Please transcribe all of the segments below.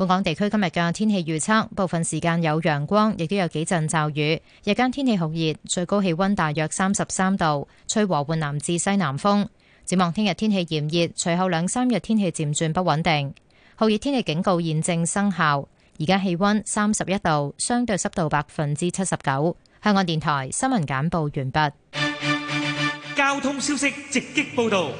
本港地區今日嘅天氣預測，部分時間有陽光，亦都有幾陣驟雨。日間天氣酷熱，最高氣溫大約三十三度，吹和緩南至西南風。展望聽日天氣炎熱，隨後兩三日天氣漸轉不穩定。酷熱天氣警告現正生效。而家氣溫三十一度，相對濕度百分之七十九。香港電台新聞簡報完畢。交通消息直擊報道。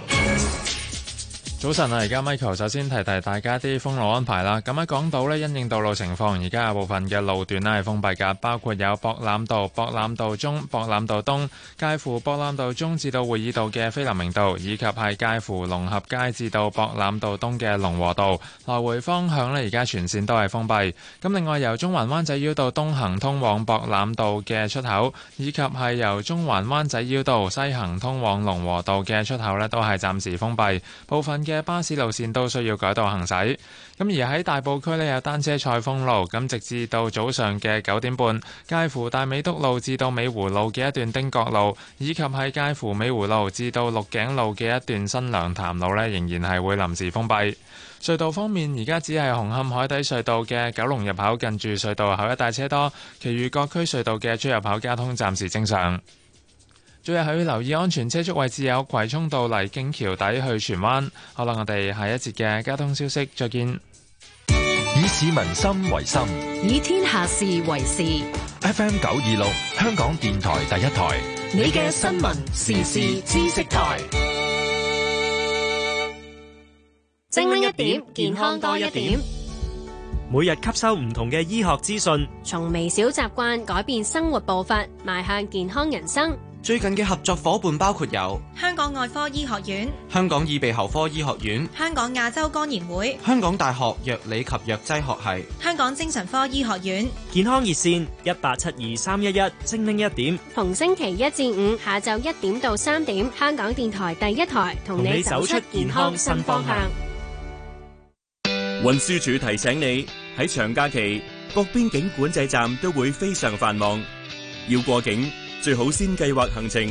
早晨啊！而家 Michael 首先提提大家啲封路安排啦。咁喺港島咧，因應道路情況，而家有部分嘅路段咧係封閉噶，包括有博覽道、博覽道中、博覽道東，介乎博覽道中至到會議道嘅菲林明道，以及係介乎龍合街至到博覽道東嘅龍和道。來回方向咧，而家全線都係封閉。咁另外，由中環灣仔繞道東行通往博覽道嘅出口，以及係由中環灣仔繞道西行通往龍和道嘅出口咧，都係暫時封閉。部分。嘅巴士路線都需要改道行駛，咁而喺大埔區呢，有單車賽封路，咁直至到早上嘅九點半，介乎大美督路至到美湖路嘅一段汀角路，以及係介乎美湖路至到鹿頸路嘅一段新娘潭路呢，仍然係會臨時封閉。隧道方面，而家只係紅磡海底隧道嘅九龍入口近住隧道口一帶車多，其餘各區隧道嘅出入口交通暫時正常。最近佢要留意安全車速位置，有葵涌道、麗景橋底、去荃灣。好啦，我哋下一節嘅交通消息再見。以市民心為心，以天下事為事。F M 九二六，香港電台第一台你，你嘅新聞時事知識台，精明一點，健康多一點。每日吸收唔同嘅醫學資訊，從微小習慣改變生活步伐，邁向健康人生。最近嘅合作夥伴包括有香港外科醫學院、香港耳鼻喉科醫學院、香港亞洲肝炎會、香港大學藥理及藥劑學系、香港精神科醫學院。健康熱線一八七二三一一，11，精靈一點，逢星期一至五下晝一點到三點。香港電台第一台同你走出健康新方向。運輸署提醒你喺長假期，各邊境管制站都會非常繁忙，要過境，最好先計劃行程，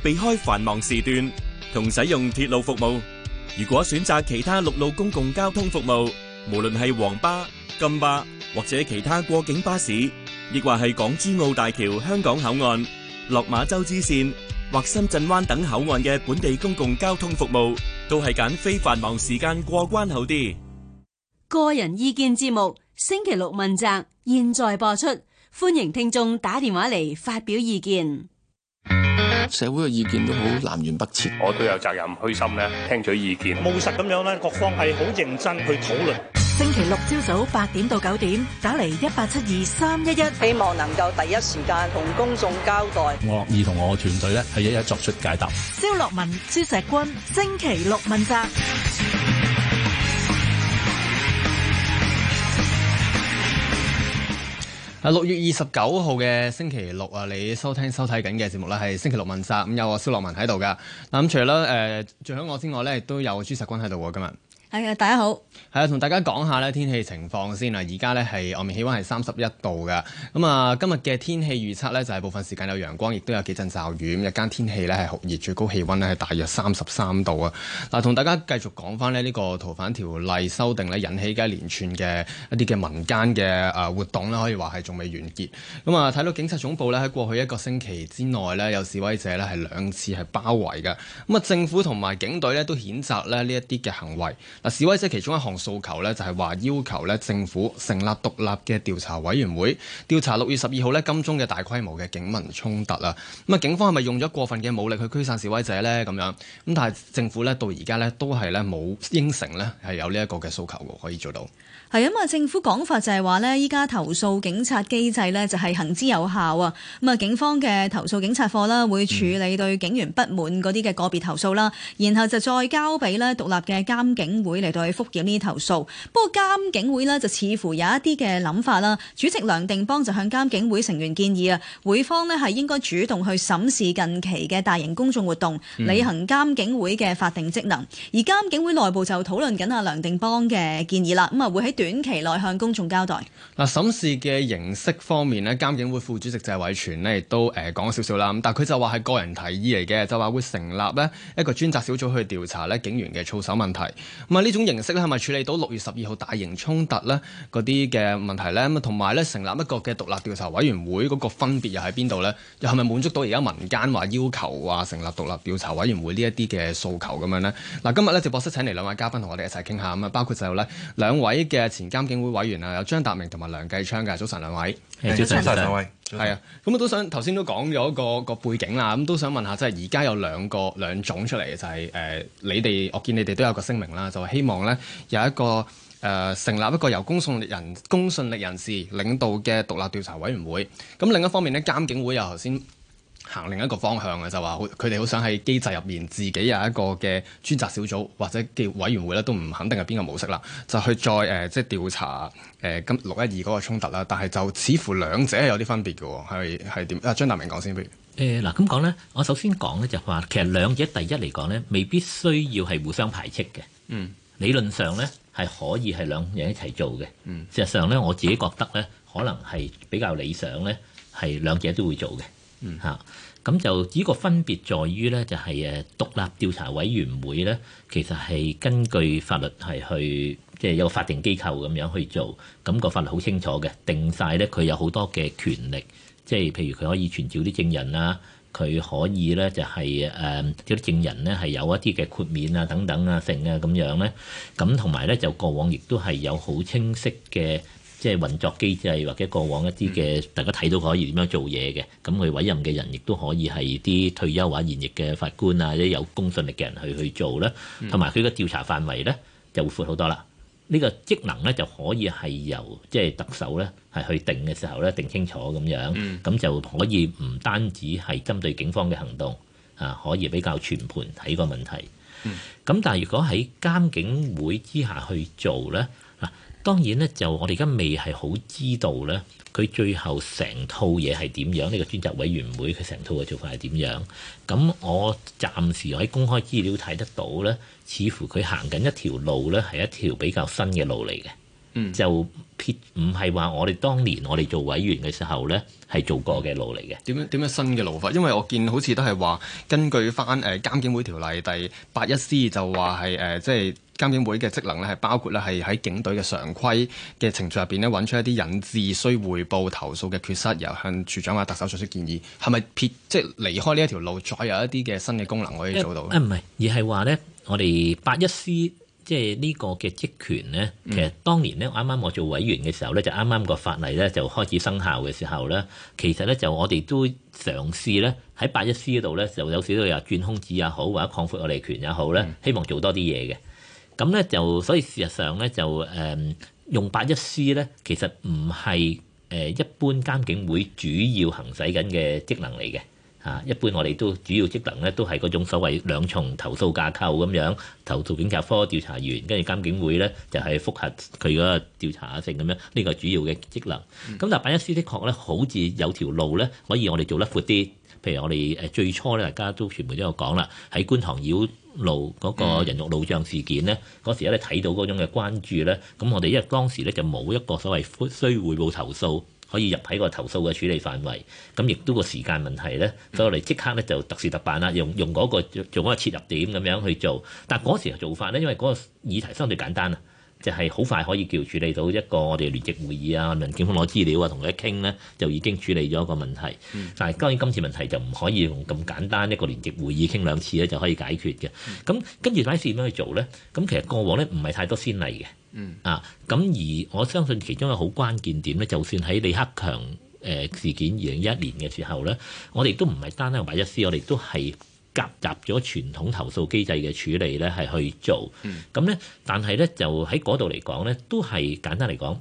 避開繁忙時段，同使用鐵路服務。如果選擇其他陸路公共交通服務，無論係黃巴、金巴或者其他過境巴士，亦或係港珠澳大橋香港口岸、落馬洲支線或深圳灣等口岸嘅本地公共交通服務，都係揀非繁忙時間過關好啲。個人意見節目，星期六問責，現在播出。歡迎聽眾打電話嚟發表意見。社會嘅意見都好南轅北轍，我都有責任虛心咧聽取意見，務實咁樣咧，各方係好認真去討論。星期六朝早八點到九點，打嚟一八七二三一一，希望能夠第一時間同公眾交代。我樂意同我嘅團隊咧係一,一一作出解答。蕭洛汶、朱錫君，星期六問責。六月二十九號嘅星期六，你收聽收睇緊嘅節目咧，係星期六問責咁，有蕭洛汶喺度㗎。除咗誒響我之外咧，都有朱錫君喺度喎，今日。係啊，大家好。係啊，同大家講下咧，天氣情況先啊。而家咧係外面氣溫係三十一度嘅。咁、嗯、啊，今日嘅天氣預測咧就係部分時間有陽光，亦都有幾陣驟雨。咁日間天氣咧係酷熱，最高氣温咧係大約三十三度啊。嗱，同大家繼續講翻咧呢個逃犯條例修訂咧引起嘅一連串嘅一啲嘅民間嘅誒活動咧，可以話係仲未完結。咁、嗯、啊，睇到警察總部咧喺過去一個星期之內咧有示威者咧係兩次係包圍嘅。咁、嗯、啊，政府同埋警隊咧都譴責咧呢一啲嘅行為。嗱，示威者其中一項訴求咧，就係話要求咧政府成立獨立嘅調查委員會，調查六月十二號咧金鐘嘅大規模嘅警民衝突啦。咁啊，警方係咪用咗過分嘅武力去驅散示威者咧？咁樣咁，但係政府咧到而家咧都係咧冇應承咧係有呢一個嘅訴求，可以做到。係咁啊！政府講法就係話呢，依家投訴警察機制呢就係行之有效啊！咁啊，警方嘅投訴警察課啦，會處理對警員不滿嗰啲嘅個別投訴啦，嗯、然後就再交俾呢獨立嘅監警會嚟對覆檢呢啲投訴。不過監警會呢，就似乎有一啲嘅諗法啦。主席梁定邦就向監警會成員建議啊，會方呢係應該主動去審視近期嘅大型公眾活動，履行監警會嘅法定職能。嗯、而監警會內部就討論緊啊梁定邦嘅建議啦。咁啊，會喺短期內向公眾交代。嗱，審視嘅形式方面咧，監警會副主席謝偉全咧，亦都誒講咗少少啦。咁但係佢就話係個人提議嚟嘅，就話會成立咧一個專責小組去調查咧警員嘅操守問題。咁啊呢種形式咧係咪處理到六月十二號大型衝突咧嗰啲嘅問題咧？咁啊同埋咧成立一個嘅獨立調查委員會嗰個分別又喺邊度咧？又係咪滿足到而家民間話要求啊成立獨立調查委員會呢一啲嘅訴求咁樣咧？嗱，今日咧直播室請嚟兩位嘉賓同我哋一齊傾下，咁啊，包括就咧兩位嘅。前監警會委員啊，有張達明同埋梁繼昌嘅，早晨兩位，早晨兩位，係啊晨，咁我都想頭先都講咗個個背景啦，咁都想問下，即係而家有兩個兩種出嚟嘅，就係、係、誒你哋，我見你哋都有個聲明啦，就係、希望咧有一個誒、呃、成立一個由公信力人公信力人士領導嘅獨立調查委員會，咁另一方面呢，監警會又頭先。行另一個方向嘅就話，佢哋好想喺機制入面自己有一個嘅專責小組或者叫委員會咧，都唔肯定係邊個模式啦。就去再誒、呃，即係調查誒今六一二嗰個衝突啦。但係就似乎兩者係有啲分別嘅，係係點啊？張達明講先，不如誒嗱咁講咧，我首先講咧就話，其實兩者第一嚟講咧，未必需要係互相排斥嘅。嗯，理論上咧係可以係兩樣一齊做嘅。嗯，事實上咧，我自己覺得咧，可能係比較理想咧，係兩者都會做嘅。嗯嚇，咁就只個分別在於咧，就係誒獨立調查委員會咧，其實係根據法律係去，即係有法定機構咁樣去做，咁個法律好清楚嘅，定晒咧佢有好多嘅權力，即係譬如佢可以傳召啲證人啊，佢可以咧就係誒啲證人咧係有一啲嘅豁免啊等等啊定啊咁樣咧，咁同埋咧就過往亦都係有好清晰嘅。即係運作機制，或者過往一啲嘅大家睇到可以點樣做嘢嘅，咁佢委任嘅人亦都可以係啲退休或者現役嘅法官啊，或者有公信力嘅人去去做啦。同埋佢嘅調查範圍呢，就會闊好多啦。呢個職能呢，就可以係由即係特首呢係去定嘅時候呢定清楚咁樣，咁、嗯、就可以唔單止係針對警方嘅行動啊，可以比較全盤睇個問題。咁、嗯、但係如果喺監警會之下去做呢。當然咧，就我哋而家未係好知道咧，佢最後成套嘢係點樣？呢、呢個專責委員會佢成套嘅做法係點樣？咁我暫時喺公開資料睇得到咧，似乎佢行緊一條路咧，係一條比較新嘅路嚟嘅。嗯，就唔係話我哋當年我哋做委員嘅時候咧，係做過嘅路嚟嘅。點樣點樣新嘅路法？因為我見好似都係話根據翻誒監警會條例第八一 C 就話係誒即係。監警會嘅職能咧，係包括咧，係喺警隊嘅常規嘅程序入邊咧，揾出一啲引致須匯報投訴嘅缺失，由向處長或特首作出建議，係咪撇即係離開呢一條路，再有一啲嘅新嘅功能可以做到咧？唔係、啊啊啊，而係話咧，我哋八一 C 即係呢個嘅職權咧，其實當年咧，啱啱我做委員嘅時候咧，就啱啱個法例咧就開始生效嘅時候咧，其實咧就我哋都嘗試咧喺八一 C 嗰度咧，就有少少有轉空子也好，或者擴闊我哋權也好咧，希望做多啲嘢嘅。咁咧就所以事實上咧就誒、嗯、用八一 C 咧，其實唔係誒一般監警會主要行使緊嘅職能嚟嘅。嚇一般我哋都主要職能咧，都係嗰種所謂兩重投訴架構，咁樣投訴警察科調查員，跟住監警會咧就係複核佢嗰個調查性咁樣，呢、呢個主要嘅職能咁、嗯、但八一 C 的確咧好似有條路咧可以我哋做得闊啲，譬如我哋誒最初咧，大家都傳媒都有講啦，喺觀塘繞。路嗰、嗰個人肉路障事件咧，嗰、嗯、時咧睇到嗰種嘅關注咧，咁我哋因為當時咧就冇一個所謂需匯報投訴可以入喺個投訴嘅處理範圍，咁亦都個時間問題咧，所以我哋即刻咧就特事特辦啦，用用嗰、嗰個做一個切入點咁樣去做。但嗰時嘅做法咧，因為嗰個議題相對簡單啊。就係好快可以叫處理到一個我哋聯席會議啊，民警方攞資料啊，同佢一傾咧，就已經處理咗一個問題。但係當然今次問題就唔可以用咁簡單一個聯席會議傾兩次咧就可以解決嘅。咁跟住擺事點樣去做咧？咁其實過往咧唔係太多先例嘅。啊，咁而我相信其中一個好關鍵點咧，就算喺李克強誒、呃、事件二零一一年嘅時候咧，我哋都唔係單單話一絲，我哋都係。夾雜咗傳統投訴機制嘅處理咧，係去做咁咧，嗯、但係咧就喺嗰度嚟講咧，都係簡單嚟講。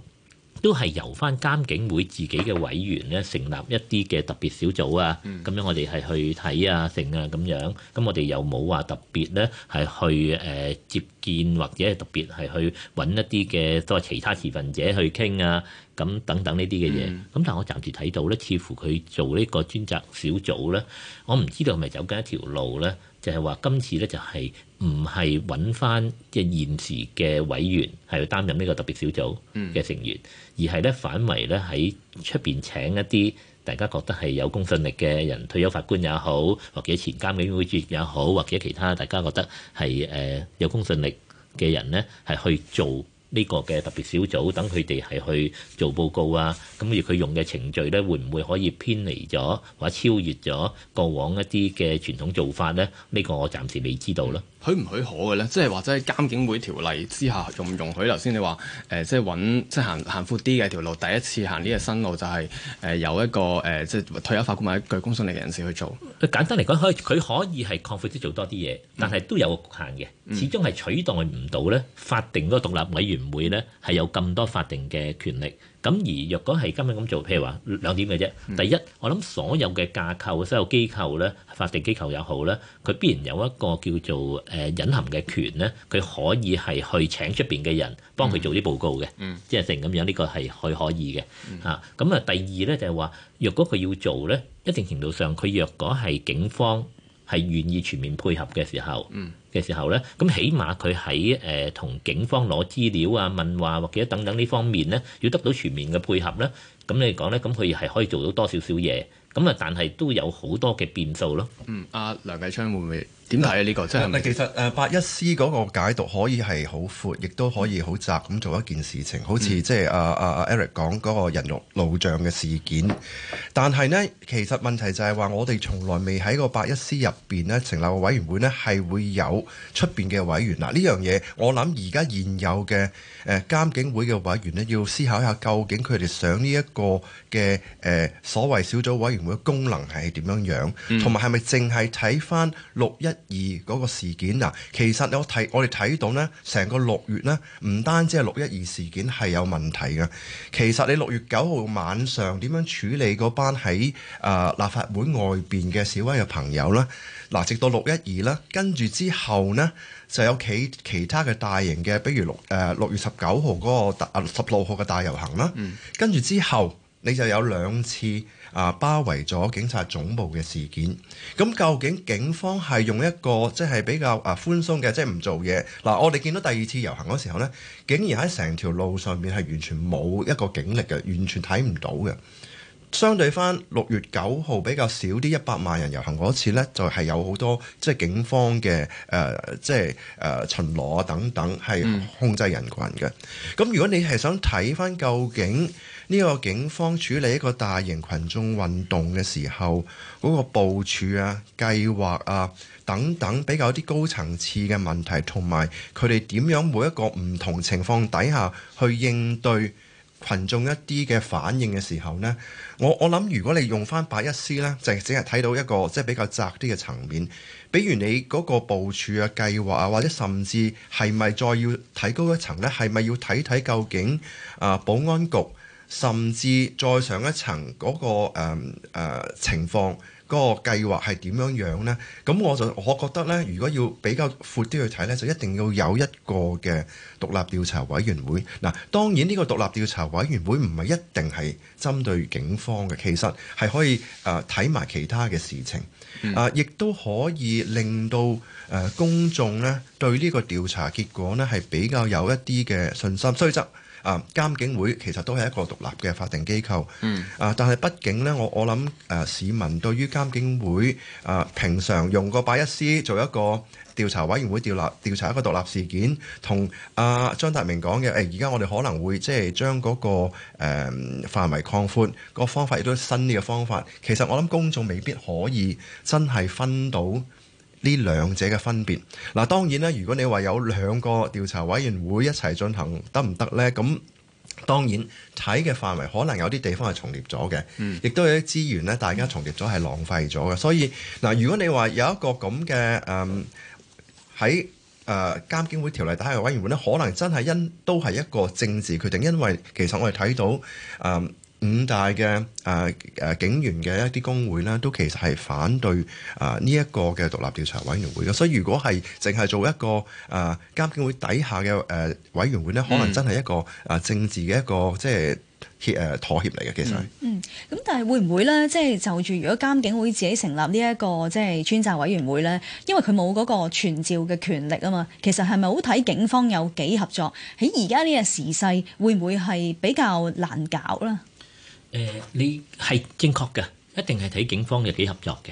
都係由翻監警會自己嘅委員咧，成立一啲嘅特別小組啊，咁、嗯、樣我哋係去睇啊、成啊咁樣。咁我哋又冇話特別咧係去誒、呃、接見或者係特別係去揾一啲嘅都係其他持份者去傾啊，咁等等呢啲嘅嘢。咁、嗯、但我暫時睇到咧，似乎佢做呢個專責小組咧，我唔知道係咪走緊一條路咧。就係話今次咧，就係唔係揾翻嘅現時嘅委員係去擔任呢個特別小組嘅成員，嗯、而係咧反為咧喺出邊請一啲大家覺得係有公信力嘅人，退休法官也好，或者前監警會主席也好，或者其他大家覺得係誒有公信力嘅人呢，係去做。呢個嘅特別小組等佢哋係去做報告啊，咁而佢用嘅程序咧，會唔會可以偏離咗或者超越咗過往一啲嘅傳統做法咧？呢個我暫時未知道囉。許唔許可嘅咧，即係或者喺監警會條例之下容唔容許？頭先你話誒、呃，即係揾即係行行闊啲嘅條路，第一次行呢個新路就係、係、誒、呃、有一個誒、呃、即係退休法官或者具公信力嘅人士去做。簡單嚟講，可以佢可以係擴闊啲做多啲嘢，但係都有個局限嘅，始終係取代唔到咧法定嗰個獨立委員會咧係有咁多法定嘅權力。咁而若果係今日咁做，譬如話兩點嘅啫。第一，我諗所有嘅架構、所有機構咧，法定機構又好咧，佢必然有一個叫做誒、呃、隱含嘅權咧，佢可以係去請出面嘅人幫佢做啲報告嘅，嗯、即係成咁樣，呢、這個係佢可以嘅嚇。咁、嗯、啊，第二咧就係、是、話，若果佢要做咧，一定程度上，佢若果係警方。係願意全面配合嘅時候嘅、嗯、時候咧，咁起碼佢喺誒同警方攞資料啊、問話或者等等呢方面咧，要得到全面嘅配合咧，咁你講咧，咁佢係可以做到多少少嘢，咁啊，但係都有好多嘅變數咯。嗯，阿、啊、梁繼昌會唔會？點睇呢個真係其實誒，八一司嗰個解讀可以係好闊，亦都可以好窄咁做一件事情。嗯、好似即係阿阿 Eric 講嗰個人肉路障嘅事件，但係呢，其實問題就係話我哋從來未喺個八一司入邊呢成立個委員會呢，係會有出邊嘅委員嗱呢樣嘢。我諗而家現有嘅誒監警會嘅委員呢，要思考一下究竟佢哋想呢一個嘅誒、呃、所謂小組委員會嘅功能係點樣樣，同埋係咪淨係睇翻六一二嗰個事件嗱，其實我睇我哋睇到呢，成個六月呢，唔單止係六一二事件係有問題嘅，其實你六月九號晚上點樣處理嗰班喺啊、呃、立法會外邊嘅示威嘅朋友呢？嗱，直到六一二啦，跟住之後呢，就有其其、其他嘅大型嘅，比如六誒六月十九號嗰個大十六號嘅大遊行啦，嗯、跟住之後你就有兩次。啊！包圍咗警察總部嘅事件，咁究竟警方係用一個即係、即係、比較啊寬鬆嘅，即係唔做嘢嗱。我哋見到第二次遊行嗰時候呢，竟然喺成條路上面係完全冇一個警力嘅，完全睇唔到嘅。相對翻六月九號比較少啲一百萬人遊行嗰次呢，就係、係、有好多即係、即係、警方嘅誒，即、呃、係、即係呃、巡邏等等，係控制人群嘅。咁、嗯、如果你係想睇翻究竟，呢個警方處理一個大型群眾運動嘅時候，嗰、那個部署啊、計劃啊等等，比較啲高層次嘅問題，同埋佢哋點樣每一個唔同情況底下去應對群眾一啲嘅反應嘅時候呢？我我諗如果你用返八一絲呢，就係只係睇到一個即係、就是、比較窄啲嘅層面，比如你嗰個部署啊、計劃啊，或者甚至係咪再要提高一層呢？係咪要睇睇究竟啊、呃，保安局？甚至再上一層嗰、嗰個誒、呃呃、情況，嗰個計劃係點樣樣呢？咁我就我覺得呢，如果要比較闊啲去睇呢就一定要有一個嘅獨立調查委員會。嗱，當然呢個獨立調查委員會唔係一定係針對警方嘅，其實，係可以誒睇埋其他嘅事情，啊、嗯，亦都、呃、可以令到誒、呃、公眾呢，對呢個調查結果呢，係比較有一啲嘅信心。所以，則。啊，監警會其實都係一個獨立嘅法定機構。嗯。啊，但係畢竟呢，我我諗誒、呃、市民對於監警會啊、呃，平常用個拜一司做一個調查委員會調立調查一個獨立事件，同阿張達明講嘅誒，而、哎、家我哋可能會即係將嗰個誒範圍擴寬，呃那個方法亦都新啲嘅方法。其實我諗公眾未必可以真係分到。呢兩者嘅分別嗱，當然啦，如果你話有兩個調查委員會一齊進行得唔得呢？咁當然睇嘅範圍可能有啲地方係重疊咗嘅，亦都、嗯、有啲資源咧，大家重疊咗係浪費咗嘅。所以嗱，如果你話有一個咁嘅誒喺誒監警會條例底下嘅委員會呢，可能真係因都係一個政治決定，因為其實我哋睇到誒。嗯五大嘅誒誒警員嘅一啲工會呢，都其實係反對啊呢一個嘅獨立調查委員會嘅。所以如果係淨係做一個誒、呃、監警會底下嘅誒、呃、委員會呢，可能真係一個啊政治嘅一個即係協妥協嚟嘅。其實嗯咁、呃，但係會唔會呢？即係就住、是、如果監警會自己成立呢、這、一個即係、就是、村責委員會呢，因為佢冇嗰個傳召嘅權力啊嘛。其實係咪好睇警方有幾合作？喺而家呢個時勢會唔會係比較難搞呢？誒，你係正確嘅，一定係睇警方嘅幾合作嘅。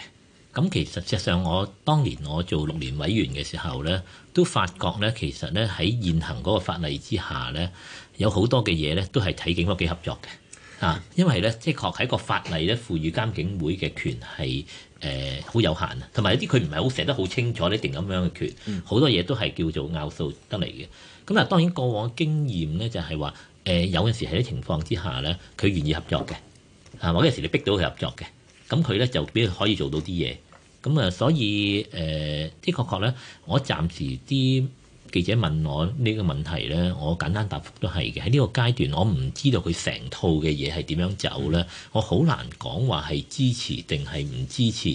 咁其實事實上我，我當年我做六年委員嘅時候咧，都發覺咧，其實咧喺現行嗰個法例之下咧，有好多嘅嘢咧都係睇警方幾合作嘅啊。因為咧，的確喺個法例咧賦予監警會嘅權係誒好有限啊，同埋一啲佢唔係好寫得好清楚咧定咁樣嘅權，好、嗯、多嘢都係叫做拗數得嚟嘅。咁啊，當然過往經驗咧就係話。誒、呃、有陣時喺啲情況之下咧，佢願意合作嘅，啊，或者有時你逼到佢合作嘅，咁佢咧就畀佢可以做到啲嘢，咁、嗯、啊，所以誒、呃，的確確咧，我暫時啲記者問我呢個問題咧，我簡單答覆都係嘅。喺呢個階段，我唔知道佢成套嘅嘢係點樣走咧，嗯、我好難講話係支持定係唔支持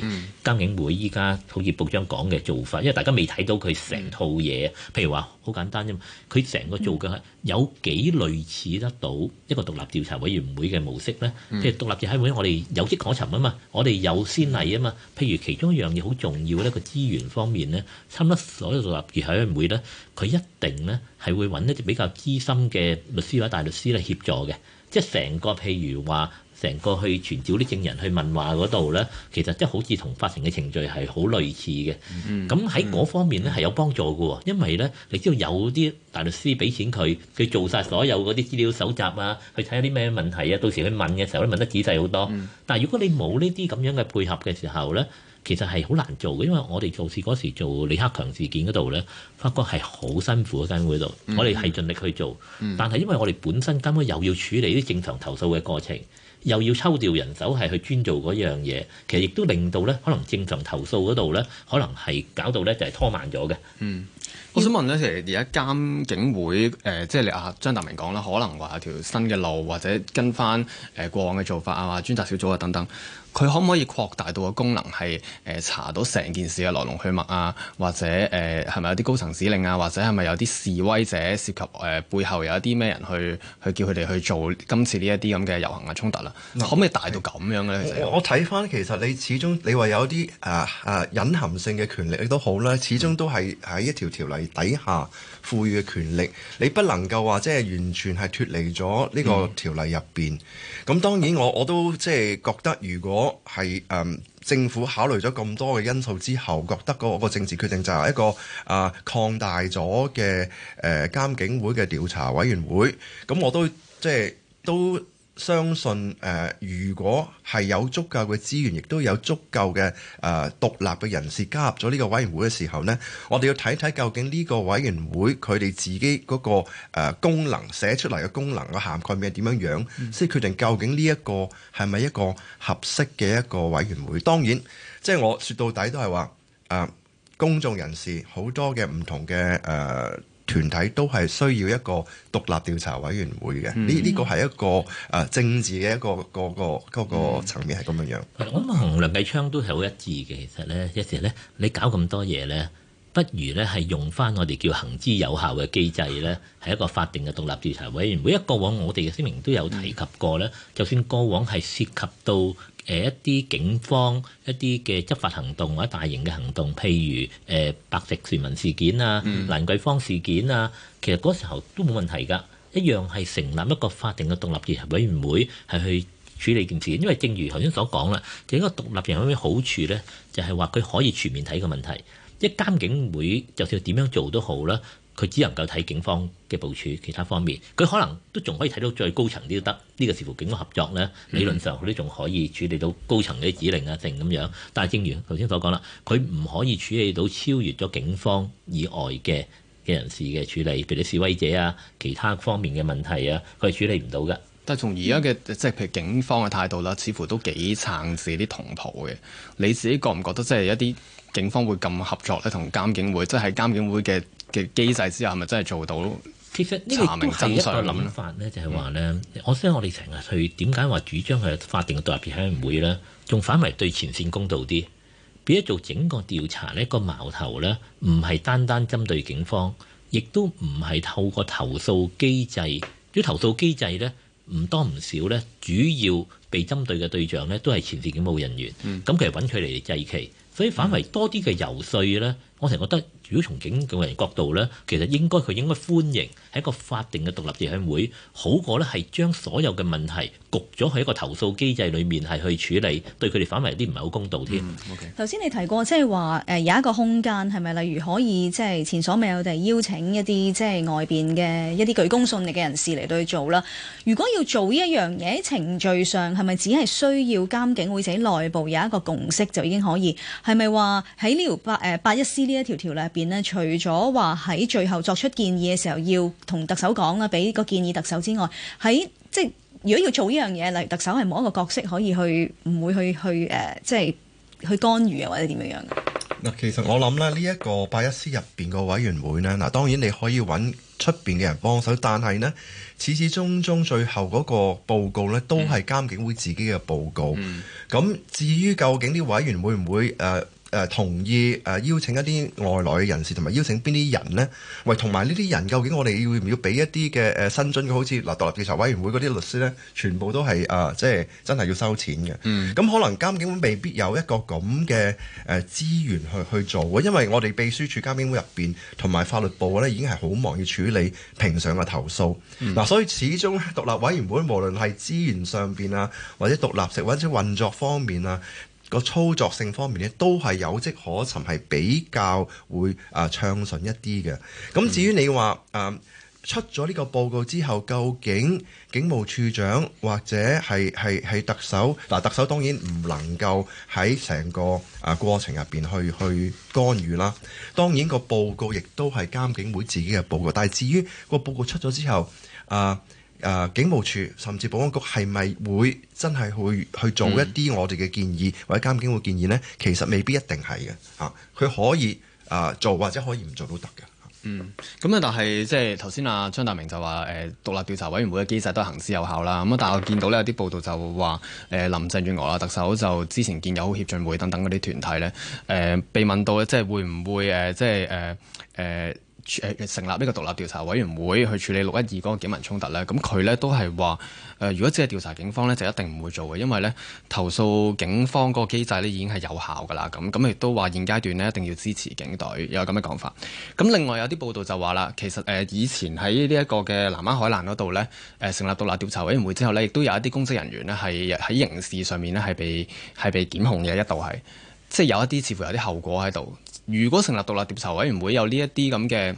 監警會依家好似部長講嘅做法，因為大家未睇到佢成套嘢，嗯、譬如話好簡單啫嘛，佢成個做嘅係、嗯。有幾類似得到一個獨立調查委員會嘅模式呢？譬、嗯、如獨立調委會，我哋有跡可尋啊嘛，我哋有先例啊嘛。譬如其中一樣嘢好重要呢個 資源方面呢，差唔多所有獨立調查委員會呢，佢一定呢係會揾一啲比較資深嘅律師或者大律師嚟協助嘅。即係成個譬如話。成個去傳召啲證人去問話嗰度咧，其實即係好似同發呈嘅程序係好類似嘅。咁喺嗰方面咧係、mm hmm. 有幫助嘅，因為咧你知道有啲大律師俾錢佢，佢做晒所有嗰啲資料搜集啊，去睇下啲咩問題啊。到時去問嘅時候咧問得仔細好多。Mm hmm. 但係如果你冇呢啲咁樣嘅配合嘅時候咧，其實係好難做嘅。因為我哋做事嗰時做李克強事件嗰度咧，發覺係好辛苦喺監會度。我哋係盡力去做，mm hmm. 但係因為我哋本身根本又要處理啲正常投訴嘅過程。又要抽調人手係去專做嗰樣嘢，其實亦都令到咧，可能正常投訴嗰度咧，可能係搞到咧就係拖慢咗嘅。嗯，我想問咧，其實而家監警會誒、呃，即係阿、啊、張達明講啦，可能話有條新嘅路或者跟翻誒過往嘅做法啊，或者專責小組啊等等。佢可唔可以擴大到個功能係誒、呃、查到成件事嘅來龍去脈啊？或者誒係咪有啲高層指令啊？或者係咪有啲示威者涉及誒、呃、背後有一啲咩人去去叫佢哋去做今次呢一啲咁嘅遊行嘅衝突啦、啊？嗯、可唔可以大到咁樣嘅咧？是其實我睇返，其實你始終你話有啲誒誒隱含性嘅權力你都好啦，始終都係喺一條條例底下。嗯賦予嘅權力，你不能夠話即係完全係脫離咗呢個條例入邊。咁、嗯、當然我我都即係覺得，如果係誒、嗯、政府考慮咗咁多嘅因素之後，覺得、嗰個、嗰個政治決定就係一個誒、啊、擴大咗嘅誒監警會嘅調查委員會。咁我都即係、即係、都。相信誒、呃，如果係有足夠嘅資源，亦都有足夠嘅誒、呃、獨立嘅人士加入咗呢個委員會嘅時候呢，我哋要睇睇究竟呢個委員會佢哋自己嗰、那個、呃、功能寫出嚟嘅功能嘅涵蓋面係點樣樣，先決定究竟呢一個係咪一個合適嘅一個委員會。當然，即係我説到底都係話誒，公眾人士好多嘅唔同嘅誒。呃團體都係需要一個獨立調查委員會嘅，呢呢個係一個誒政治嘅一個個個嗰個層面係咁樣樣。咁同梁繼昌都係好一致嘅，其實咧，一時咧你搞咁多嘢咧，不如咧係用翻我哋叫行之有效嘅機制咧，係一個法定嘅獨立調查委員會。因為過往我哋嘅聲明都有提及過咧，就算過往係涉及到，誒一啲警方一啲嘅執法行動或者大型嘅行動，譬如誒白石船民事件啊、蘭桂坊事件啊，其實嗰時候都冇問題㗎，一樣係成立一個法定嘅獨立調查委員會係去處理件事。因為正如頭先所講啦，其實個獨立調查委員會有咩好處咧，就係話佢可以全面睇個問題，即監警會就算點樣做都好啦。佢只能夠睇警方嘅部署，其他方面佢可能都仲可以睇到最高層啲都得。呢、這個視乎警方合作咧，嗯、理論上佢都仲可以處理到高層嘅指令啊，成咁樣，但係正如頭先所講啦，佢唔可以處理到超越咗警方以外嘅嘅人士嘅處理，譬如示威者啊，其他方面嘅問題啊，佢係處理唔到嘅。但係從而家嘅即係譬如警方嘅態度啦，似乎都幾撐自己啲同袍嘅。你自己覺唔覺得即係一啲警方會咁合作咧？同監警會即係喺監警會嘅。嘅機制之下，係咪真係做到？其實呢個都係一個諗法咧，就係話咧，嗯、我想我哋成日去點解話主張係法定嘅獨立嘅委員會咧，仲、嗯、反為對前線公道啲。變咗做整個調查呢，個矛頭咧唔係單單針對警方，亦都唔係透過投訴機制。啲投訴機制咧唔多唔少咧，主要被針對嘅對象咧都係前線警務人員。咁其實揾佢哋嚟祭旗，所以反為多啲嘅游説咧。嗯呢我成日覺得，如果從警警員角度呢，其實應該佢應該歡迎係一個法定嘅獨立嘅業委會，好過呢，係將所有嘅問題焗咗喺一個投訴機制裡面係去處理，對佢哋反為啲唔係好公道添。頭先、嗯 okay，你提過，即係話誒有一個空間，係咪例如可以即係、就是、前所未有地邀請一啲即係外邊嘅一啲具公信力嘅人士嚟對做啦？如果要做呢一樣嘢，程序上係咪只係需要監警會者內部有一個共識就已經可以？係咪話喺呢條八誒、呃、八一絲。呢一條條例入邊呢，除咗話喺最後作出建議嘅時候，要同特首講啦，俾個建議特首之外，喺即係如果要做呢樣嘢，例如特首係冇一個角色可以去，唔會去去誒、呃，即係去干預啊，或者點樣樣嗱，其實我諗呢，呢、這、一個八一司入邊個委員會呢，嗱當然你可以揾出邊嘅人幫手，但係呢，始始終終最後嗰個報告呢，都係監警會自己嘅報告。咁、嗯嗯、至於究竟啲委員會唔會誒？呃誒、呃、同意誒、呃、邀請一啲外來嘅人士，同埋邀請邊啲人呢？喂，同埋呢啲人究竟我哋要唔要俾一啲嘅誒薪津？佢好似嗱獨立調查委員會嗰啲律師呢，全部都係啊，即、呃、係真係要收錢嘅。嗯，咁可能監警會未必有一個咁嘅誒資源去去做，因為我哋秘書處監警會入邊同埋法律部呢，已經係好忙要處理平常嘅投訴。嗱、嗯呃，所以始終獨立委員會無論係資源上邊啊，或者獨立性或者運作方面啊，個操作性方面咧，都係有跡可尋，係比較會啊呃、暢順一啲嘅。咁至於你話誒、呃、出咗呢個報告之後，究竟警務處長或者係係係特首嗱、呃，特首當然唔能夠喺成個啊、呃、過程入邊去去干預啦。當然個報告亦都係監警會自己嘅報告，但係至於個報告出咗之後啊。呃誒警務處甚至保安局係咪會真係會去做一啲我哋嘅建議、嗯、或者監警會建議呢？其實未必一定係嘅，啊，佢可以誒、啊、做或者可以唔做都得嘅。嗯，咁咧，但係即係頭先阿張達明就話誒、呃、獨立調查委員會嘅機制都行之有效啦。咁啊，但係我見到呢有啲報道就話誒、呃、林鄭月娥啦，特首就之前見友好協進會等等嗰啲團體呢，誒、呃、被問到咧，即係會唔會誒、呃、即係誒誒？呃呃成立呢個獨立調查委員會去處理六一二嗰個警民衝突呢。咁佢呢都係話，誒、呃、如果只係調查警方呢，就一定唔會做嘅，因為呢投訴警方嗰個機制呢已經係有效㗎喇。咁咁亦都話現階段呢一定要支持警隊，有咁嘅講法。咁另外有啲報道就話啦，其實誒、呃、以前喺呢一個嘅南丫海難嗰度呢，誒、呃、成立獨立調查委員會之後呢，亦都有一啲公職人員呢係喺刑事上面呢係被係被檢控嘅，一度係即係有一啲似乎有啲後果喺度。如果成立獨立調查委員會有呢一啲咁嘅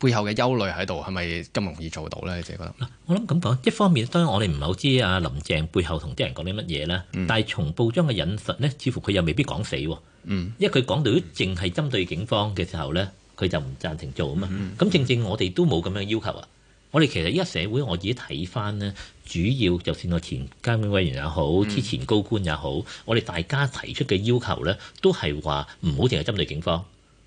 背後嘅憂慮喺度，係咪咁容易做到咧？你自己覺得？嗱，我諗咁講，一方面當然我哋唔係好知阿林鄭背後同啲人講啲乜嘢咧，嗯、但係從報章嘅引述咧，似乎佢又未必講死喎。嗯，因為佢講到都淨係針對警方嘅時候咧，佢就唔暫停贊成做啊嘛。咁、嗯、正正我哋都冇咁樣要求啊。我哋其實依家社會，我自己睇翻咧。主要就算我前監警委員也好，之、嗯、前高官也好，我哋大家提出嘅要求呢，都係話唔好淨係針對警方，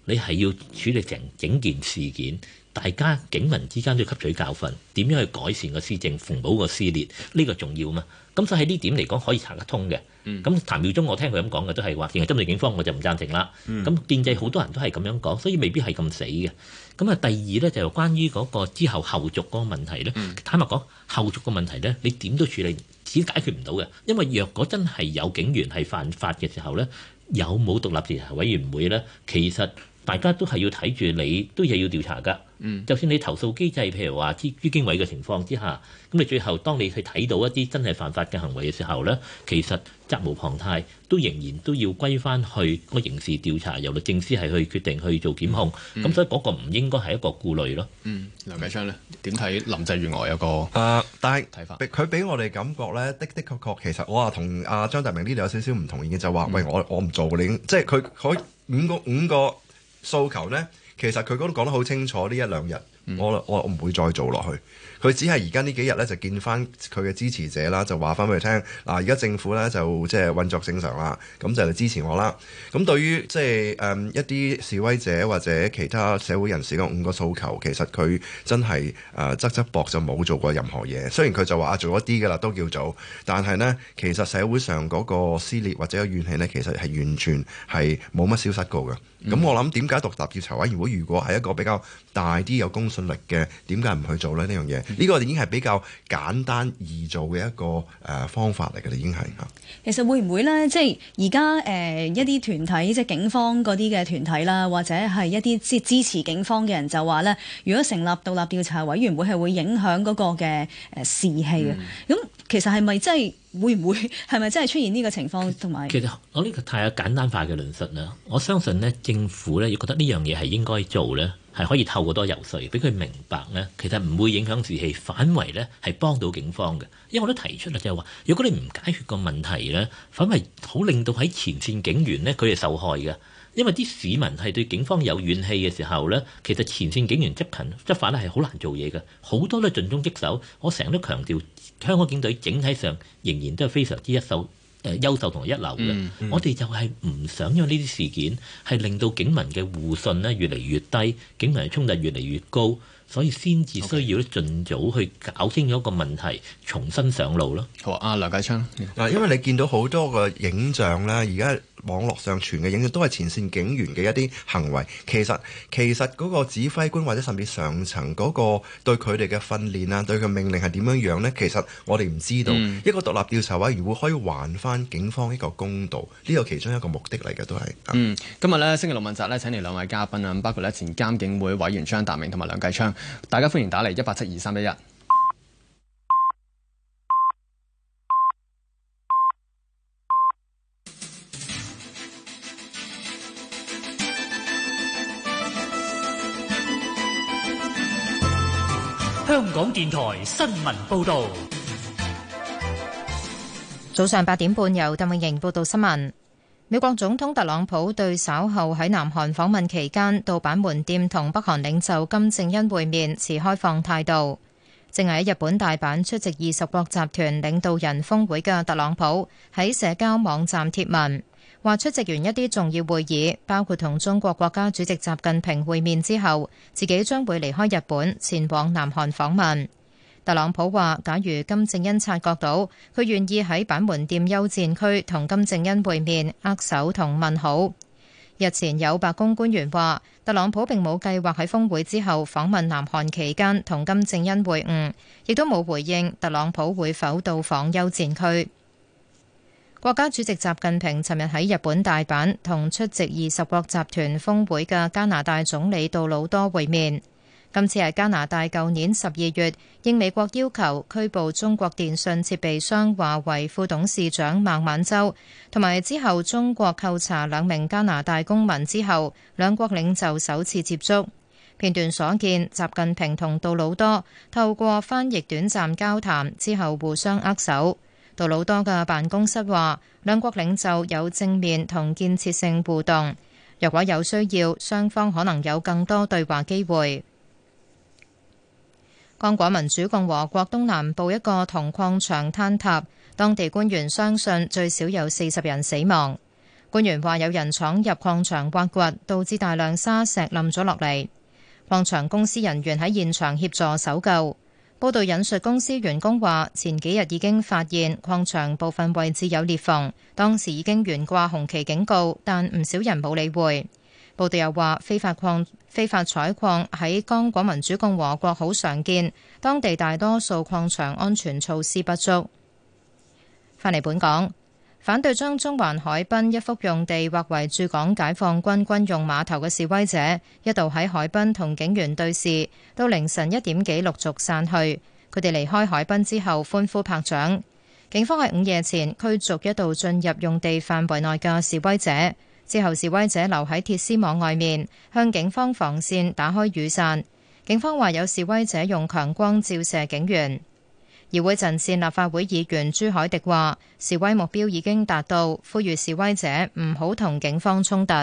你係要處理成整件事件，大家警民之間都要吸取教訓，點樣去改善個施政、縫補個撕裂，呢、這個重要嘛。咁所以喺呢點嚟講，可以查得通嘅。咁、嗯、譚耀宗我聽佢咁講嘅都係話，淨係針對警方，我就唔贊成啦。咁、嗯、建制好多人都係咁樣講，所以未必係咁死嘅。咁啊，第二咧就係關於嗰個之後後續嗰個問題咧。嗯、坦白講，後續個問題咧，你點都處理，只解決唔到嘅。因為若果真係有警員係犯法嘅時候咧，有冇獨立調查委員會咧？其實大家都係要睇住你，都係要調查噶。嗯，就算你投訴機制，譬如話朱朱經緯嘅情況之下，咁你最後當你去睇到一啲真係犯法嘅行為嘅時候咧，其實責無旁貸，都仍然都要歸翻去個刑事調查，由律政司係去決定去做檢控。咁、嗯、所以嗰個唔應該係一個顧慮咯。嗯，梁繼昌咧點睇？林鄭月娥有個誒、呃，但係睇法，佢俾我哋感覺咧的的確確，其實我話同阿張達明呢度有少少唔同意嘅，就話、是、喂，我我唔做你，即係佢可五個五個。五個五個訴求呢，其實佢都講得好清楚。呢一兩日，我我唔會再做落去。佢只係而家呢幾日呢，就見翻佢嘅支持者啦，就話翻俾佢聽嗱。而家政府呢，就即係運作正常啦，咁就嚟支持我啦。咁對於即係誒一啲示威者或者其他社會人士嘅五個訴求，其實佢真係誒側側膊就冇做過任何嘢。雖然佢就話做一啲噶啦，都叫做，但係呢，其實社會上嗰個撕裂或者個怨氣呢，其實係完全係冇乜消失過嘅。咁、嗯、我諗，點解獨立調查委員會如果係一個比較大啲有公信力嘅，點解唔去做呢？呢樣嘢呢個已經係比較簡單易做嘅一個誒方法嚟嘅啦，已經係。其實會唔會呢？即係而家誒一啲團體，即係警方嗰啲嘅團體啦，或者係一啲即支持警方嘅人，就話呢：如果成立獨立調查委員會係會影響嗰個嘅誒士氣啊？咁、嗯、其實係咪真係？會唔會係咪真係出現呢個情況同埋？其實我呢個太有簡單化嘅論述啦。我相信咧，政府咧要覺得呢樣嘢係應該做咧，係可以透過多游説，俾佢明白咧，其實唔會影響士氣，反為呢係幫到警方嘅。因為我都提出啦，就係話，如果你唔解決個問題咧，反為好令到喺前線警員呢，佢係受害嘅。因為啲市民係對警方有怨氣嘅時候咧，其實前線警員執勤執法咧係好難做嘢嘅，好多都盡忠職守。我成日都強調。香港警隊整體上仍然都係非常之一秀，誒、呃、優秀同一流嘅。嗯嗯、我哋就係唔想，因為呢啲事件係令到警民嘅互信咧越嚟越低，警民嘅衝突越嚟越高，所以先至需要咧盡早去搞清楚一個問題，重新上路咯。好啊，梁繼昌，嗱，因為你見到好多個影像啦，而家。網絡上傳嘅影像都係前線警員嘅一啲行為，其實其實嗰個指揮官或者甚至上層嗰個對佢哋嘅訓練啊，對佢命令係點樣樣呢？其實我哋唔知道。嗯、一個獨立調查委員會可以還翻警方一個公道，呢個其中一個目的嚟嘅都係。嗯，今日咧星期六問責咧請嚟兩位嘉賓啊，包括咧前監警會委員張達明同埋梁繼昌，大家歡迎打嚟一八七二三一一。香港電台新聞報道，早上八點半，由鄧永瑩報道新聞。美國總統特朗普對稍後喺南韓訪問期間到板門店同北韓領袖金正恩會面持開放態度。正喺日本大阪出席二十國集團領導人峰會嘅特朗普喺社交網站貼文。話出席完一啲重要會議，包括同中國國家主席習近平會面之後，自己將會離開日本，前往南韓訪問。特朗普話：假如金正恩察覺到，佢願意喺板門店休戰區同金正恩會面、握手同問好。日前有白宮官員話，特朗普並冇計劃喺峰會之後訪問南韓期間同金正恩會晤，亦都冇回應特朗普會否到訪休戰區。國家主席習近平尋日喺日本大阪同出席二十國集團峰會嘅加拿大總理杜魯多會面。今次係加拿大舊年十二月應美國要求拘捕中國電信設備商華為副董事長孟晚舟，同埋之後中國扣查兩名加拿大公民之後，兩國領袖首次接觸。片段所見，習近平同杜魯多透過翻譯短暫交談之後，互相握手。杜魯多嘅辦公室話：兩國領袖有正面同建設性互動，若果有需要，雙方可能有更多對話機會。剛果民主共和國東南部一個銅礦場坍塌，當地官員相信最少有四十人死亡。官員話有人闖入礦場挖掘，導致大量沙石冧咗落嚟。礦場公司人員喺現場協助搜救。報導引述公司員工話：前幾日已經發現礦場部分位置有裂縫，當時已經懸掛紅旗警告，但唔少人冇理會。報導又話：非法礦、非法採礦喺剛果民主共和國好常見，當地大多數礦場安全措施不足。翻嚟本港。反對將中環海濱一幅用地劃為駐港解放軍軍用碼頭嘅示威者，一度喺海濱同警員對峙，到凌晨一點幾陸續散去。佢哋離開海濱之後，歡呼拍掌。警方喺午夜前驅逐一度進入用地範圍內嘅示威者，之後示威者留喺鐵絲網外面，向警方防線打開雨傘。警方話有示威者用強光照射警員。議會陣線立法會議員朱凱迪話，示威目標已經達到，呼籲示威者唔好同警方衝突。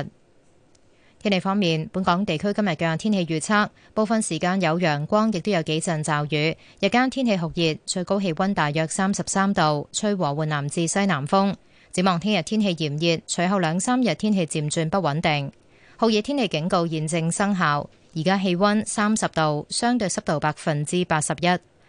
天氣方面，本港地區今日嘅天氣預測，部分時間有陽光，亦都有幾陣驟雨。日間天氣酷熱，最高氣溫大約三十三度，吹和緩南至西南風。展望聽日天氣炎熱，隨後兩三日天氣漸轉不穩定。酷熱天氣警告現正生效，而家氣溫三十度，相對濕度百分之八十一。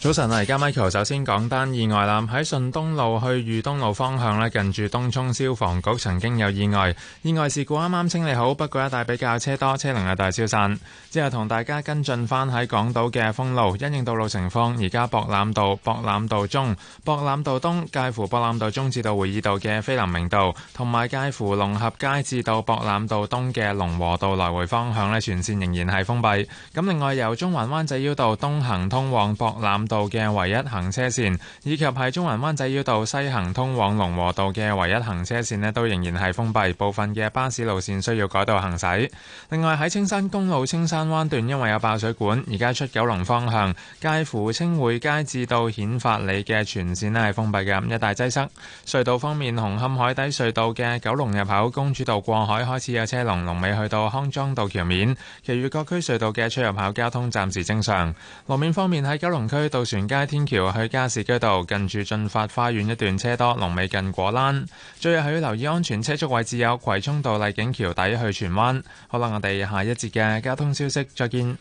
早晨啊！而家 Michael 首先講單意外啦。喺順東路去裕東路方向咧，近住東涌消防局曾經有意外。意外事故啱啱清理好，不過一帶比較車多，車龍有待消散。之後同大家跟進翻喺港島嘅封路，因應道路情況，而家博覽道、博覽道中、博覽道東、介乎博覽道中至到會議道嘅菲林明道，同埋介乎龍合街至到博覽道東嘅龍和道來回方向咧，全線仍然係封閉。咁另外由中環灣仔繞道東行通往博覽，道嘅唯一行車線，以及喺中環灣仔繞道西行通往龍和道嘅唯一行車線咧，都仍然係封閉。部分嘅巴士路線需要改道行駛。另外喺青山公路青山灣段，因為有爆水管，而家出九龍方向，介乎清匯街至到顯發里嘅全線咧係封閉嘅，一大擠塞。隧道方面，紅磡海底隧道嘅九龍入口公主道過海開始有車龍，龍尾去到康莊道橋面，其餘各區隧道嘅出入口交通暫時正常。路面方面喺九龍區度。渡船街天橋去加士居道，近住駿發花園一段車多，龍尾近果欄。最後要留意安全車速位置有葵涌道麗景橋底去荃灣。好啦，我哋下一節嘅交通消息再見。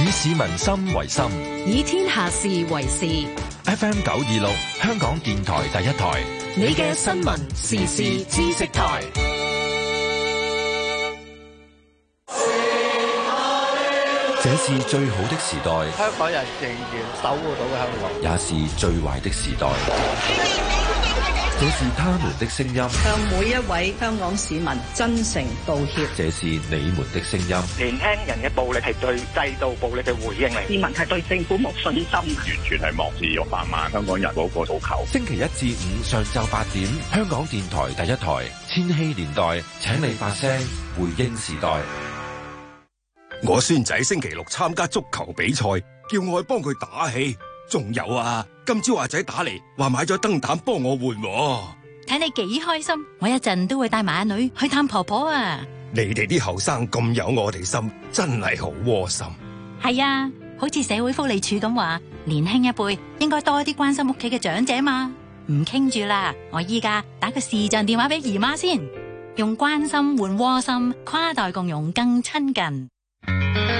以市民心為心，以天下事為事。FM 九二六，香港電台第一台，你嘅新聞時事知識台。這是最好的時代，香港人仍然守護到香港，也是最壞的時代。這是他們的聲音，向每一位香港市民真誠道歉。這是你們的聲音，年輕人嘅暴力係對制度暴力嘅回應嚟，市民係對政府冇信心，完全係漠視百萬香港人嗰個訴求。星期一至五上晝八點，香港電台第一台千禧年代，請你發聲回應時代。我孫仔星期六參加足球比賽，叫我去幫佢打氣。仲有啊，今朝阿仔打嚟話買咗燈膽幫我換。睇你幾開心，我一陣都會帶埋阿女去探婆婆啊！你哋啲後生咁有我哋心，真係好窩心。係啊，好似社會福利署咁話，年輕一輩應該多啲關心屋企嘅長者嘛。唔傾住啦，我依家打個視像電話俾姨媽先，用關心換窩心，跨代共融更親近。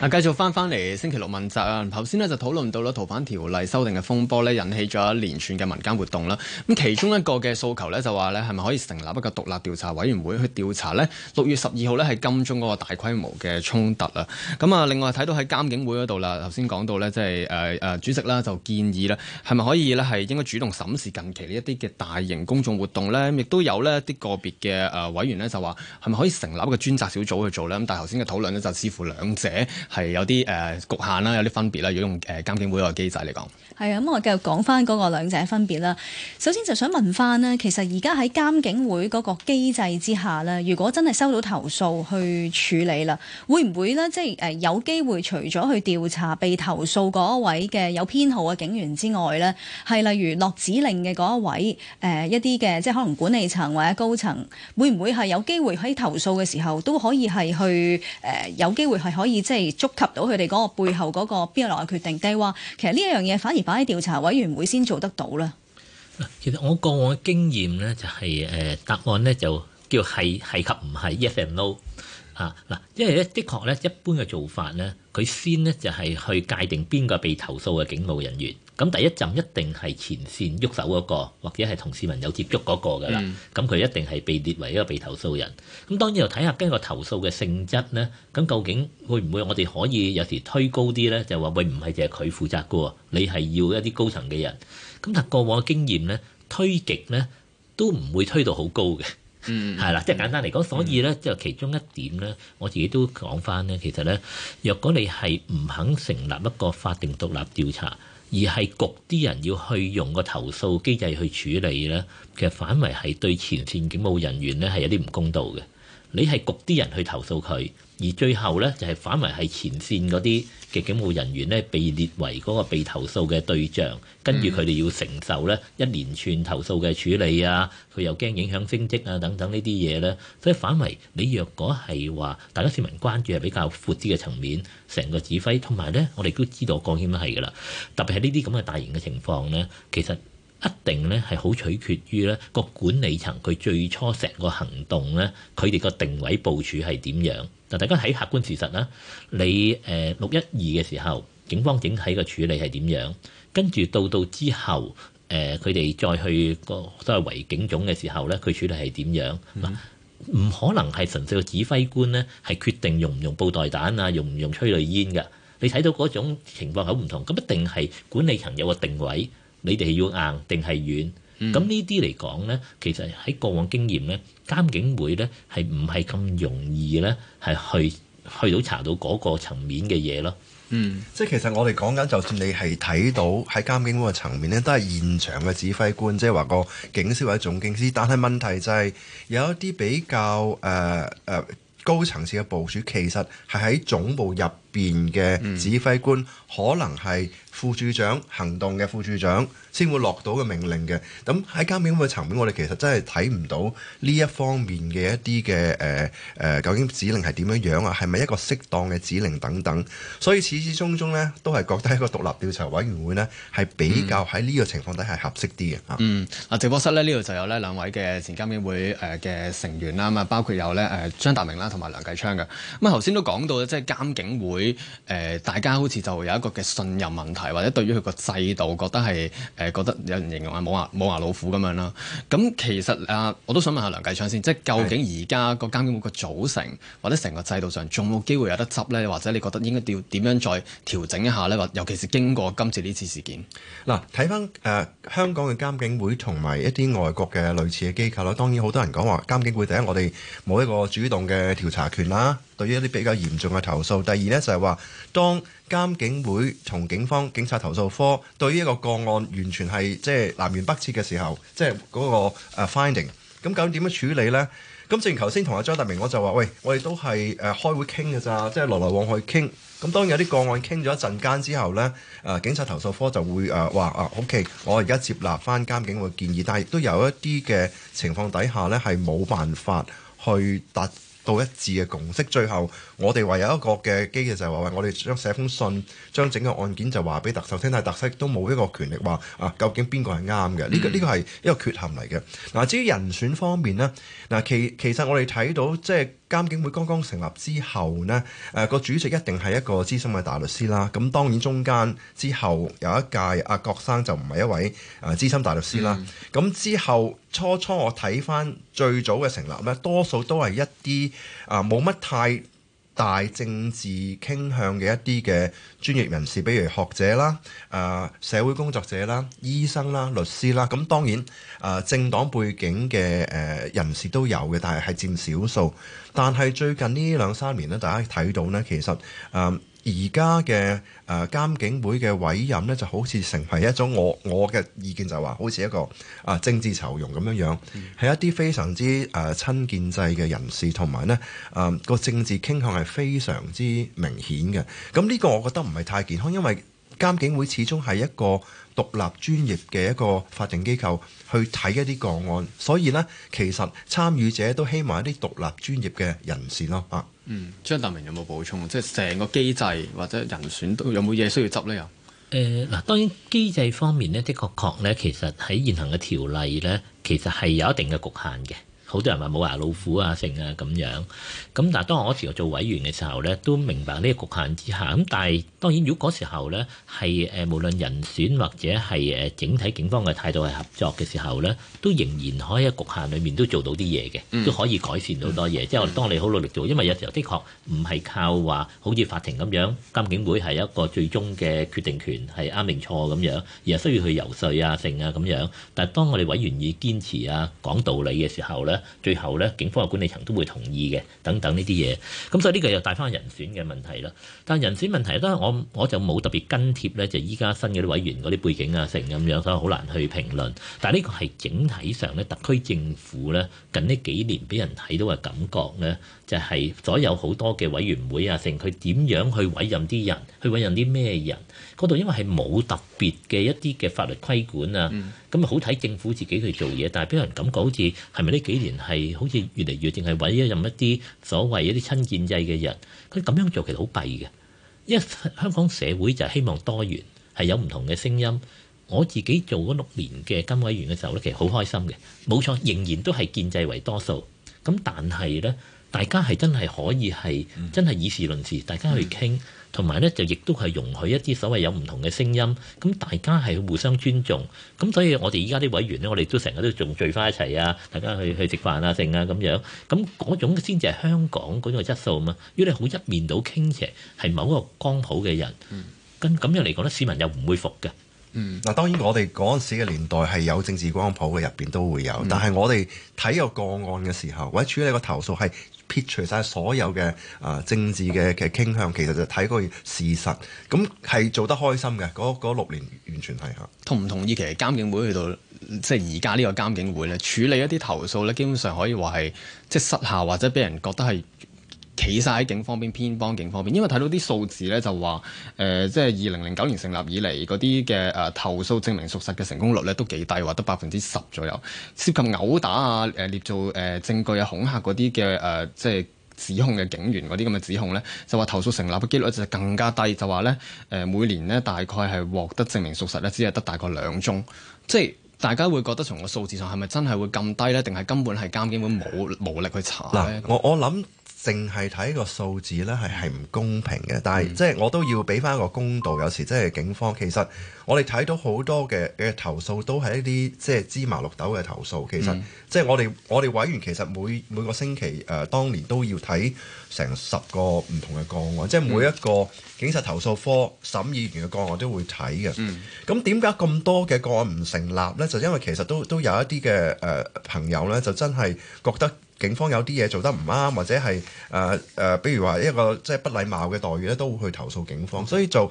啊，繼續返返嚟星期六問責啊！頭先呢就討論到啦，逃犯條例修訂嘅風波呢，引起咗一連串嘅民間活動啦。咁其中一個嘅訴求呢，就話呢係咪可以成立一個獨立調查委員會去調查呢，六月十二號呢係金鐘嗰個大規模嘅衝突啊！咁啊，另外睇到喺監警會嗰度啦，頭先講到呢、就是，即係誒誒主席啦，就建議呢，係咪可以呢？係應該主動審視近期呢一啲嘅大型公眾活動呢，亦都有呢啲個別嘅誒委員呢，就話，係咪可以成立一個專責小組去做呢？咁但係頭先嘅討論呢，就似乎兩者。係有啲誒、呃、局限啦、啊，有啲分別啦、啊，如果用誒、呃、監警會個機制嚟講。係啊，咁、嗯、我繼續講翻嗰個兩者分別啦。首先就想問翻呢，其實而家喺監警會嗰個機制之下呢，如果真係收到投訴去處理啦，會唔會呢？即係誒有機會除咗去調查被投訴嗰一位嘅有編號嘅警員之外呢，係例如落指令嘅嗰、呃、一位誒一啲嘅，即係可能管理層或者高層，會唔會係有機會喺投訴嘅時候都可以係去誒、呃、有機會係可以即係觸及到佢哋嗰個背後嗰個邊個落嘅決定？定係話其實呢一樣嘢反而，擺喺調查委員會先做得到啦。其實我過往嘅經驗咧就係、是、誒答案咧就叫係係及唔係，yes and no 啊嗱，因為咧的確咧一般嘅做法咧，佢先咧就係去界定邊個被投訴嘅警務人員。咁第一站一定係前線喐手嗰個，或者係同市民有接觸嗰個㗎啦。咁佢一定係被列為一個被投訴人。咁當然又睇下經過投訴嘅性質咧。咁究竟會唔會我哋可以有時推高啲咧？就話會，唔係淨係佢負責噶喎，你係要一啲高層嘅人。咁但係過往嘅經驗咧，推極咧都唔會推到好高嘅。嗯，係啦，即係簡單嚟講，所以咧即係其中一點咧，我自己都講翻咧，其實咧，若果你係唔肯成立一個法定獨立調查。而係焗啲人要去用個投訴機制去處理呢，其實反為係對前線警務人員呢係有啲唔公道嘅。你係焗啲人去投訴佢，而最後呢，就係反為係前線嗰啲嘅警務人員呢，被列為嗰個被投訴嘅對象，跟住佢哋要承受呢一連串投訴嘅處理啊，佢又驚影響升職啊等等呢啲嘢呢。所以反為你若果係話，大家市民關注係比較闊啲嘅層面，成個指揮同埋呢，我哋都知道降險係噶啦，特別係呢啲咁嘅大型嘅情況呢，其實。一定咧係好取決於咧個管理層佢最初成個行動咧，佢哋個定位部署係點樣？嗱，大家睇客觀事實啦。你誒六一二嘅時候，警方整體嘅處理係點樣？跟住到到之後，誒佢哋再去個都係維警總嘅時候咧，佢處理係點樣？唔可能係純粹嘅指揮官咧係決定用唔用布袋彈啊，用唔用催淚煙嘅？你睇到嗰種情況好唔同，咁一定係管理層有個定位。你哋要硬定係軟，咁呢啲嚟講呢，其實喺過往經驗呢，監警會呢係唔係咁容易呢？係去去到查到嗰個層面嘅嘢咯。嗯，即係其實我哋講緊，就算你係睇到喺監警會嘅層面呢，都係現場嘅指揮官，即係話個警司或者總警司。但係問題就係有一啲比較誒誒、呃呃、高層次嘅部署，其實係喺總部入邊嘅指揮官可能係副處長、行動嘅副處長先會落到嘅命令嘅。咁喺監警會層面，我哋其實真係睇唔到呢一方面嘅一啲嘅誒誒，究竟指令係點樣樣啊？係咪一個適當嘅指令等等？所以始至終終呢，都係覺得一個獨立調查委員會呢係比較喺呢個情況底下合適啲嘅。嗯，啊直播室呢，呢度就有咧兩位嘅前監警會誒嘅成員啦嘛，包括有咧誒張達明啦同埋梁繼昌嘅。咁啊頭先都講到即係監警會，佢誒，大家好似就有一個嘅信任問題，或者對於佢個制度覺得係誒，覺得有人形容係冇牙冇牙老虎咁樣啦。咁其實啊，我都想問下梁繼昌先，即係究竟而家個監警會個組成或者成個制度上，仲冇機會有得執呢？或者你覺得應該要點樣再調整一下呢？或尤其是經過今次呢次事件，嗱，睇翻誒香港嘅監警會同埋一啲外國嘅類似嘅機構咯。當然好多人講話監警會第一，我哋冇一個主動嘅調查權啦。對於一啲比較嚴重嘅投訴，第二呢就係話，當監警會同警方警察投訴科對於一個個案完全係即係南轅北轍嘅時候，即係嗰個 finding，咁究竟點樣處理呢？咁正如頭先同阿張達明我就話，喂，我哋都係誒開會傾㗎咋，即係來來往去傾。咁當然有啲個案傾咗一陣間之後呢，誒警察投訴科就會誒話啊，OK，我而家接納翻監警會建議，但係亦都有一啲嘅情況底下呢，係冇辦法去達到一致嘅共識。最後我哋唯有一個嘅機嘅就係話，我哋將寫封信，將整個案件就話俾特首聽，但係特首都冇一個權力話啊，究竟邊個係啱嘅？呢個呢個係一個缺陷嚟嘅。嗱，至於人選方面呢，嗱其其實我哋睇到即係。監警會剛剛成立之後呢，誒個、呃、主席一定係一個資深嘅大律師啦。咁當然中間之後有一屆阿、啊、郭生就唔係一位誒資深大律師啦。咁、嗯、之後初初我睇翻最早嘅成立呢，多數都係一啲啊冇乜太太。大政治傾向嘅一啲嘅專業人士，比如學者啦、誒、呃、社會工作者啦、醫生啦、律師啦，咁、啊、當然誒、呃、政黨背景嘅誒人士都有嘅，但係係佔少數。但係最近呢兩三年呢，大家睇到呢，其實誒，呃而家嘅誒監警會嘅委任咧，就好似成為一種我我嘅意見，就係話好似一個啊政治酬庸咁樣樣，係一啲非常之誒、啊、親建制嘅人士，同埋呢誒個、啊、政治傾向係非常之明顯嘅。咁呢個我覺得唔係太健康，因為監警會始終係一個獨立專業嘅一個法定機構去睇一啲個案，所以呢，其實參與者都希望一啲獨立專業嘅人士咯，啊！嗯，張達明有冇補充？即係成個機制或者人選都有冇嘢需要執呢？又誒嗱，當然機制方面呢，的確確咧，其實喺現行嘅條例咧，其實係有一定嘅局限嘅。好多人話冇牙老虎啊，剩啊咁樣。咁但係當我以前做委員嘅時候呢，都明白呢個局限之下。咁但係當然，如果嗰時候呢係誒無論人選或者係誒整體警方嘅態度係合作嘅時候呢，都仍然可以喺局限裡面都做到啲嘢嘅，都可以改善到多嘢。嗯、即係我哋當我哋好努力做，因為有時候的確唔係靠話好似法庭咁樣，監警會係一個最終嘅決定權係啱定錯咁樣，而係需要去游說啊剩啊咁樣。但係當我哋委員以堅持啊講道理嘅時候呢，最後咧，警方嘅管理層都會同意嘅，等等呢啲嘢。咁所以呢個又帶翻人選嘅問題咯。但人選問題都係我我就冇特別跟貼咧，就依家新嘅啲委員嗰啲背景啊，成咁樣，所以好難去評論。但係呢個係整體上咧，特區政府咧近呢幾年俾人睇到嘅感覺咧，就係所有好多嘅委員會啊成，成佢點樣去委任啲人，去委任啲咩人。嗰度因為係冇特別嘅一啲嘅法律規管啊，咁啊好睇政府自己去做嘢，但係俾人感覺好似係咪呢幾年係好似越嚟越淨係委任一啲所謂一啲親建制嘅人，佢咁樣做其實好弊嘅，因為香港社會就希望多元係有唔同嘅聲音。我自己做嗰六年嘅金委員嘅時候咧，其實好開心嘅，冇錯，仍然都係建制為多數。咁但係呢，大家係真係可以係真係以事論事，大家去傾。嗯嗯同埋咧，就亦都係容許一啲所謂有唔同嘅聲音，咁大家係互相尊重，咁所以我哋依家啲委員咧，我哋都成日都仲聚翻一齊啊，大家去去食飯啊，剩啊咁樣，咁嗰種先至係香港嗰種質素嘛，如果你好一面倒傾斜，係某個光譜嘅人，咁咁、嗯、樣嚟講咧，市民又唔會服嘅。嗱、嗯，當然我哋嗰陣時嘅年代係有政治光譜嘅入邊都會有，嗯、但係我哋睇個個案嘅時候，或者處理個投訴係。撇除晒所有嘅啊政治嘅嘅傾向，其實就睇個事實，咁係做得開心嘅嗰六年完全係嚇同唔同意？其實監警會去到，即係而家呢個監警會咧處理一啲投訴咧，基本上可以話係即係失效或者俾人覺得係。企晒喺警方邊偏幫警方邊，因為睇到啲數字咧就話，誒、呃、即係二零零九年成立以嚟嗰啲嘅誒投訴證明屬實嘅成功率咧都幾低，話得百分之十左右。涉及毆打啊、誒捏造誒證據啊、恐嚇嗰啲嘅誒即係指控嘅警員嗰啲咁嘅指控咧，就話投訴成立嘅機率就更加低，就話咧誒每年呢，大概係獲得證明屬實咧，只係得大概兩宗。即係大家會覺得從個數字上係咪真係會咁低咧？定係根本係監警會冇冇力去查嗱，我我諗。淨係睇個數字呢，係係唔公平嘅。但係、嗯、即係我都要俾返一個公道。有時即係警方，其實我哋睇到好多嘅嘅投訴都係一啲即係芝麻綠豆嘅投訴。其實、嗯、即係我哋我哋委員其實每每個星期誒、呃、當年都要睇成十個唔同嘅個案，即係每一個警察投訴科審議員嘅個案都會睇嘅。咁點解咁多嘅個案唔成立呢？就因為其實都都有一啲嘅誒朋友呢，就真係覺得，警方有啲嘢做得唔啱，或者係誒誒，比如話一個即係不禮貌嘅待遇咧，都會去投訴警方。所以就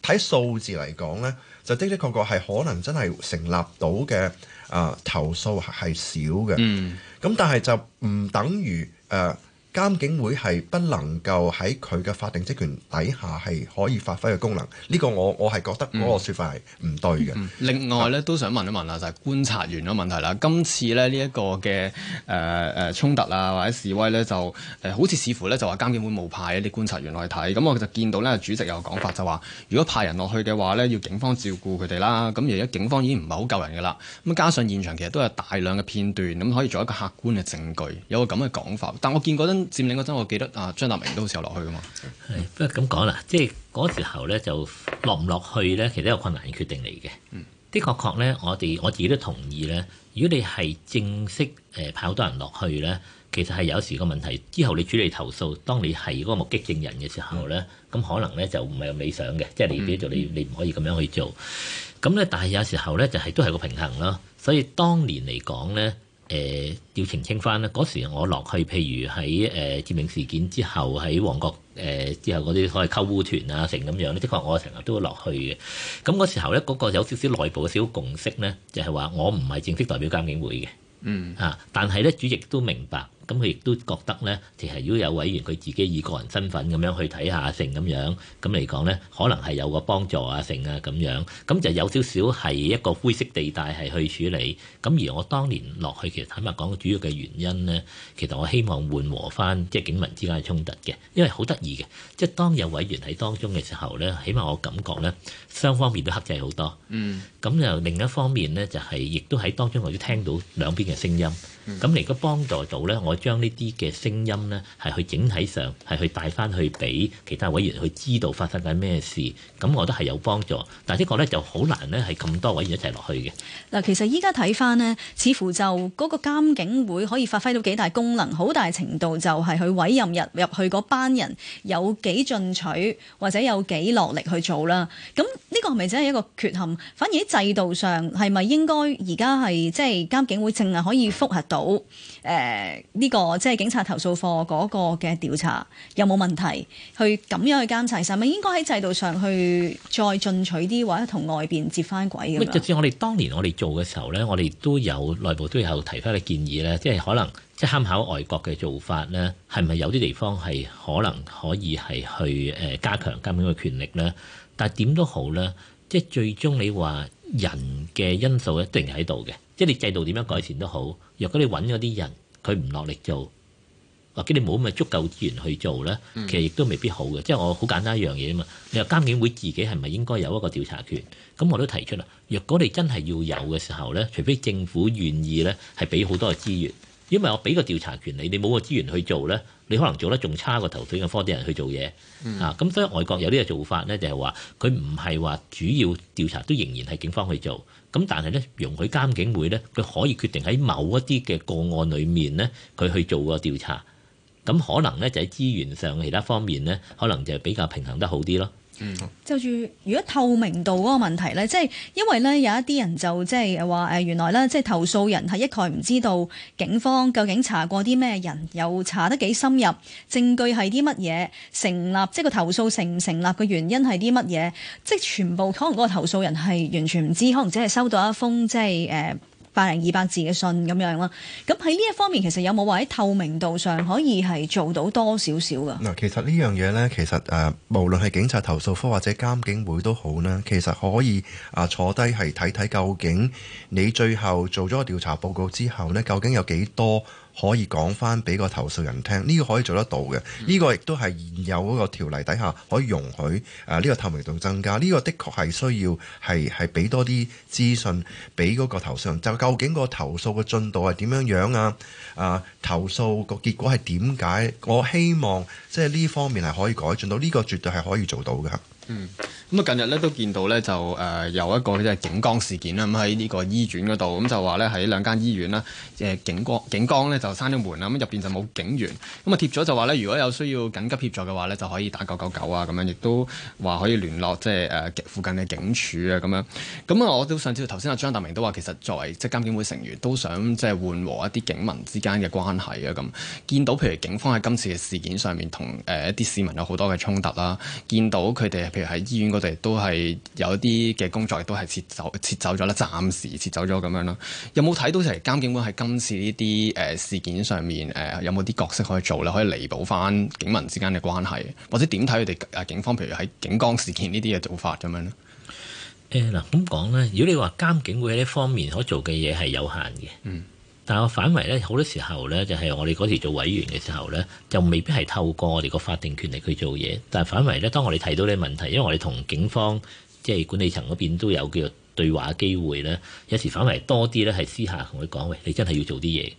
睇數字嚟講呢，就的的確確係可能真係成立到嘅啊、呃、投訴係少嘅。咁、嗯、但係就唔等於誒。呃監警會係不能夠喺佢嘅法定職權底下係可以發揮嘅功能，呢、這個我我係覺得嗰個説法係唔對嘅、嗯嗯。另外咧，都想問一問啊，就係、是、觀察員嘅問題啦。今次咧呢一、這個嘅誒誒衝突啊或者示威咧，就誒、呃、好似似乎咧就話監警會冇派一啲觀察員落去睇，咁我就見到咧主席有講法就，就話如果派人落去嘅話咧，要警方照顧佢哋啦。咁而家警方已經唔係好夠人嘅啦，咁加上現場其實都有大量嘅片段，咁可以做一個客觀嘅證據，有個咁嘅講法。但我見嗰佔領嗰陣，我記得啊張達明都好似有落去㗎嘛。係，不過咁講啦，即係嗰時候咧就落唔落去咧，其實一個困難嘅決定嚟嘅。嗯、的確確咧，我哋我自己都同意咧。如果你係正式誒派好多人落去咧，其實係有時個問題之後你處理投訴，當你係嗰個目擊證人嘅時候咧，咁、嗯、可能咧就唔係咁理想嘅，即係你叫做你你唔可以咁樣去做。咁咧、嗯，但係有時候咧就係、是、都係個平衡咯。所以當年嚟講咧。誒、呃、要澄清翻咧，嗰時我落去，譬如喺誒、呃、佔領事件之後，喺旺角誒之後嗰啲所謂溝污團啊成咁樣咧，即係我成日都會落去嘅。咁嗰時候咧，嗰、那個有少少內部嘅小共識咧，就係、是、話我唔係正式代表監警會嘅，嗯啊，但係咧主席都明白。咁佢亦都覺得呢，其實如果有委員佢自己以個人身份咁樣去睇下阿成咁樣，咁嚟講呢，可能係有個幫助阿成啊咁樣，咁就有少少係一個灰色地帶係去處理。咁而我當年落去，其實坦白講，主要嘅原因呢，其實我希望緩和翻即係警民之間嘅衝突嘅，因為好得意嘅，即係當有委員喺當中嘅時候呢，起碼我感覺呢，雙方面都克制好多。嗯，咁又另一方面呢，就係亦都喺當中我都聽到兩邊嘅聲音。咁如果幫助到咧，我將呢啲嘅聲音咧，係去整體上係去帶翻去俾其他委員去知道發生緊咩事，咁我覺得係有幫助。但係呢個咧就好難咧，係咁多委員一齊落去嘅。嗱，其實依家睇翻咧，似乎就嗰個監警會可以發揮到幾大功能，好大程度就係去委任入入去班人有幾進取或者有幾落力去做啦。咁呢個係咪真係一個缺陷？反而喺制度上係咪應該而家係即係監警會淨係可以複核到？好，誒呢個即係警察投訴課嗰個嘅調查有冇問題？去咁樣去監察，係咪應該喺制度上去再進取啲，或者同外邊接翻軌㗎嘛？好似我哋當年我哋做嘅時候咧，我哋都有內部都有提翻嘅建議咧，即係可能即係參考外國嘅做法咧，係咪有啲地方係可能可以係去誒加強監警嘅權力咧？但係點都好咧，即係最終你話人嘅因素一定喺度嘅。即係你制度點樣改善都好，若果你揾咗啲人佢唔落力做，或者你冇咁嘅足夠資源去做呢，其實亦都未必好嘅。即係我好簡單一樣嘢啊嘛。你話監警會自己係咪應該有一個調查權？咁我都提出啦。若果你真係要有嘅時候呢，除非政府願意呢係俾好多嘅資源，因為我俾個調查權你，你冇個資源去做呢，你可能做得仲差過頭先嘅科啲人去做嘢、嗯、啊。咁所以外國有啲嘅做法呢，就係話佢唔係話主要調查都仍然係警方去做。咁但係咧，容許監警會咧，佢可以決定喺某一啲嘅個案裡面咧，佢去做個調查。咁可能咧就喺資源上其他方面咧，可能就比較平衡得好啲咯。嗯、就住如果透明度嗰個問題咧，即係因為咧有一啲人就即係話誒，原來咧即係投訴人係一概唔知道警方究竟查過啲咩人，又查得幾深入，證據係啲乜嘢，成，成立即係個投訴成唔成立嘅原因係啲乜嘢，即係全部可能嗰個投訴人係完全唔知，可能只係收到一封即係誒。呃百零二百字嘅信咁樣啦，咁喺呢一方面，其實有冇話喺透明度上可以係做到多少少㗎？嗱，其實呢樣嘢呢，其實誒，無論係警察投訴科或者監警會都好呢，其實可以啊坐低係睇睇究竟你最後做咗個調查報告之後呢，究竟有幾多？可以講翻俾個投訴人聽，呢個可以做得到嘅，呢個亦都係現有嗰個條例底下可以容許誒呢個透明度增加。呢個的確係需要係係俾多啲資訊俾嗰個投訴人，就究竟個投訴嘅進度係點樣樣啊？啊，投訴個結果係點解？我希望即係呢方面係可以改進到，呢個絕對係可以做到嘅。嗯，咁啊近日咧都見到咧就誒、呃、有一個即係警崗事件啦，咁喺呢個醫院嗰度，咁、嗯、就話咧喺兩間醫院咧誒警崗警崗咧就閂咗門啦，咁入邊就冇警員，咁、嗯、啊貼咗就話咧如果有需要緊急協助嘅話咧就可以打九九九啊，咁樣亦都話可以聯絡即係誒附近嘅警署啊，咁樣，咁啊我都想知道頭先阿張達明都話其實作為即係、就是、監警會成員都想即係、就是、緩和一啲警民之間嘅關係啊，咁見到譬如警方喺今次嘅事件上面同誒一啲市民有好多嘅衝突啦，見到佢哋。譬如喺醫院嗰度都係有一啲嘅工作，亦都係撤走撤走咗啦，暫時撤走咗咁樣啦。有冇睇到其實監警會喺今次呢啲誒事件上面誒、呃、有冇啲角色可以做咧，可以彌補返警民之間嘅關係，或者點睇佢哋啊警方，譬如喺警崗事件呢啲嘅做法咁、呃、樣咧？誒嗱，咁講咧，如果你話監警會喺呢方面可做嘅嘢係有限嘅，嗯。但我反為咧，好多時候咧，就係我哋嗰時做委員嘅時候咧，就未必係透過我哋個法定權力去做嘢。但反為咧，當我哋提到呢個問題，因為我哋同警方即係管理層嗰邊都有叫對話機會咧，有時反為多啲咧係私下同佢講：喂，你真係要做啲嘢。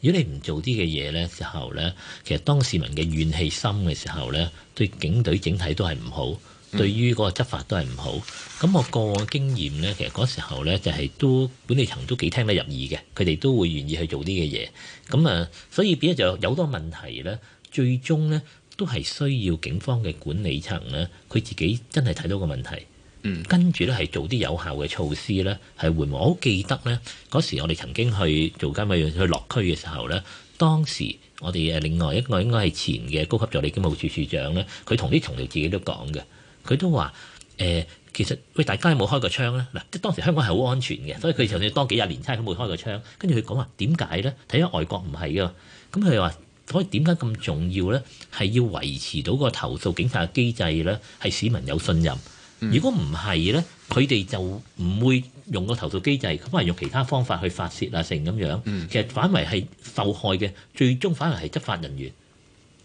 如果你唔做啲嘅嘢咧，時候咧，其實當市民嘅怨氣深嘅時候咧，對警隊整體都係唔好。對於嗰個執法都係唔好咁。我個經驗呢，其實嗰時候呢，就係都管理層都幾聽得入耳嘅，佢哋都會願意去做啲嘅嘢咁啊。所以變咗就有好多問題呢。最終呢，都係需要警方嘅管理層呢，佢自己真係睇到個問題，嗯，跟住呢係做啲有效嘅措施呢，係緩和。我好記得呢，嗰時我哋曾經去做監警去落區嘅時候呢，當時我哋誒另外一個應該係前嘅高級助理警務處處長呢，佢同啲同僚自己都講嘅。佢都話誒、呃，其實喂，大家有冇開過槍咧？嗱，即係當時香港係好安全嘅，所以佢就算當幾廿年差佢冇開過槍。跟住佢講話點解咧？睇下外國唔係噶，咁佢話所以點解咁重要咧？係要維持到個投訴警察嘅機制咧，係市民有信任。如果唔係咧，佢哋就唔會用個投訴機制，咁咪用其他方法去發泄啊，成咁樣。其實反為係受害嘅，最終反為係執法人員。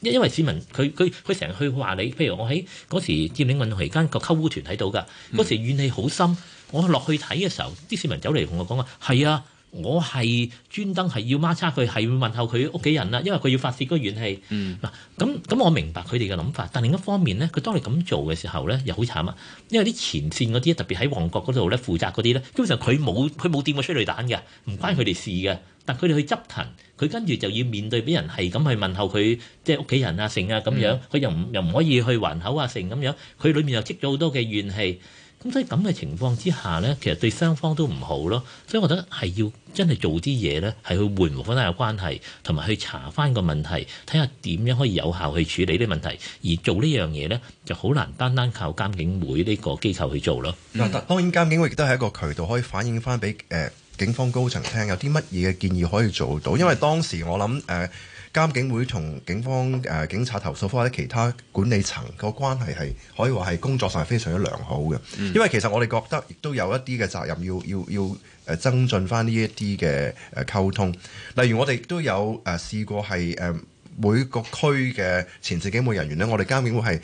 因因為市民佢佢佢成日去話你，譬如我喺嗰時佔領運動期間個溝污團睇到噶，嗰、嗯、時怨氣好深。我落去睇嘅時候，啲市民走嚟同我講話：係啊，我係專登係要孖叉佢，係要問候佢屋企人啦，因為佢要發泄嗰怨氣。嗱、嗯，咁咁、嗯、我明白佢哋嘅諗法，但另一方面咧，佢當你咁做嘅時候咧，又好慘啊！因為啲前線嗰啲特別喺旺角嗰度咧，負責嗰啲咧，基本上佢冇佢冇掂過催淚彈嘅，唔關佢哋事嘅。但佢哋去執勤，佢跟住就要面對俾人係咁去問候佢，即係屋企人啊、成啊咁樣，佢、hmm. 又唔又唔可以去還口啊、成咁樣，佢裏面又積咗好多嘅怨氣。咁所以咁嘅情況之下呢，其實對雙方都唔好咯。所以我覺得係要真係做啲嘢呢，係去緩和翻下關係，同埋去查翻個問題，睇下點樣可以有效去處理啲問題。而做呢樣嘢呢，就好難單單靠監警會呢個機構去做咯。嗱、mm，hmm. 當然監警會亦都係一個渠道，可以反映翻俾誒。呃警方高層聽有啲乜嘢嘅建議可以做到？因為當時我諗誒、呃、監警會同警方誒、呃、警察投訴科或者其他管理層個關係係可以話係工作上係非常之良好嘅，嗯、因為其實我哋覺得亦都有一啲嘅責任要要要誒增進翻呢一啲嘅誒溝通。例如我哋都有誒、呃、試過係誒。呃每個區嘅前線警務人員咧，我哋監警會係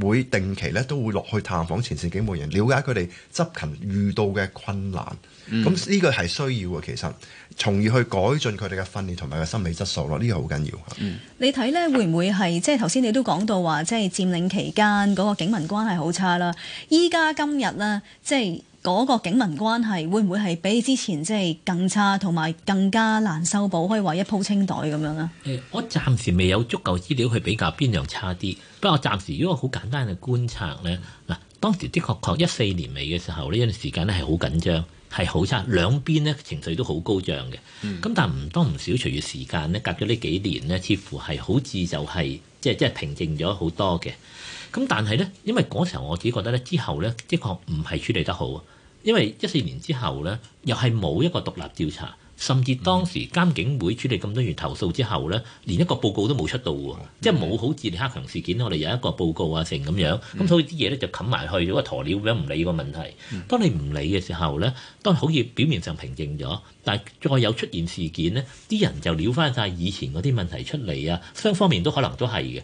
誒會定期咧，都會落去探訪前線警務人員，瞭解佢哋執勤遇到嘅困難。咁呢、嗯、個係需要嘅，其實從而去改進佢哋嘅訓練同埋嘅心理質素咯。呢個好緊要。嗯，你睇咧會唔會係即係頭先你都講到話，即係佔領期間嗰個警民關係好差啦。依家今日呢，即係。嗰個警民關係會唔會係比之前即係更差，同埋更加難修補？可以話一鋪清袋咁樣咧？誒、欸，我暫時未有足夠資料去比較邊樣差啲。不過暫時如果好簡單嘅觀察呢，嗱，當時的確確一四年尾嘅時候呢，一段時間咧係好緊張，係好差，兩邊呢情緒都好高漲嘅。咁、嗯、但係唔多唔少，隨住時間呢，隔咗呢幾年呢，似乎係好似就係即係即係平靜咗好多嘅。咁但係呢，因為嗰時候我自己覺得呢，之後呢，的確唔係處理得好。因為一四年之後咧，又係冇一個獨立調查，甚至當時監警會處理咁多件投訴之後咧，連一個報告都冇出到喎，嗯、即係冇好似李克強事件，我哋有一個報告啊成咁樣，咁、嗯、所以啲嘢咧就冚埋去咗，個鴕鳥咁唔理個問題。嗯、當你唔理嘅時候咧，當好似表面上平靜咗，但係再有出現事件咧，啲人就撩翻晒以前嗰啲問題出嚟啊，雙方面都可能都係嘅。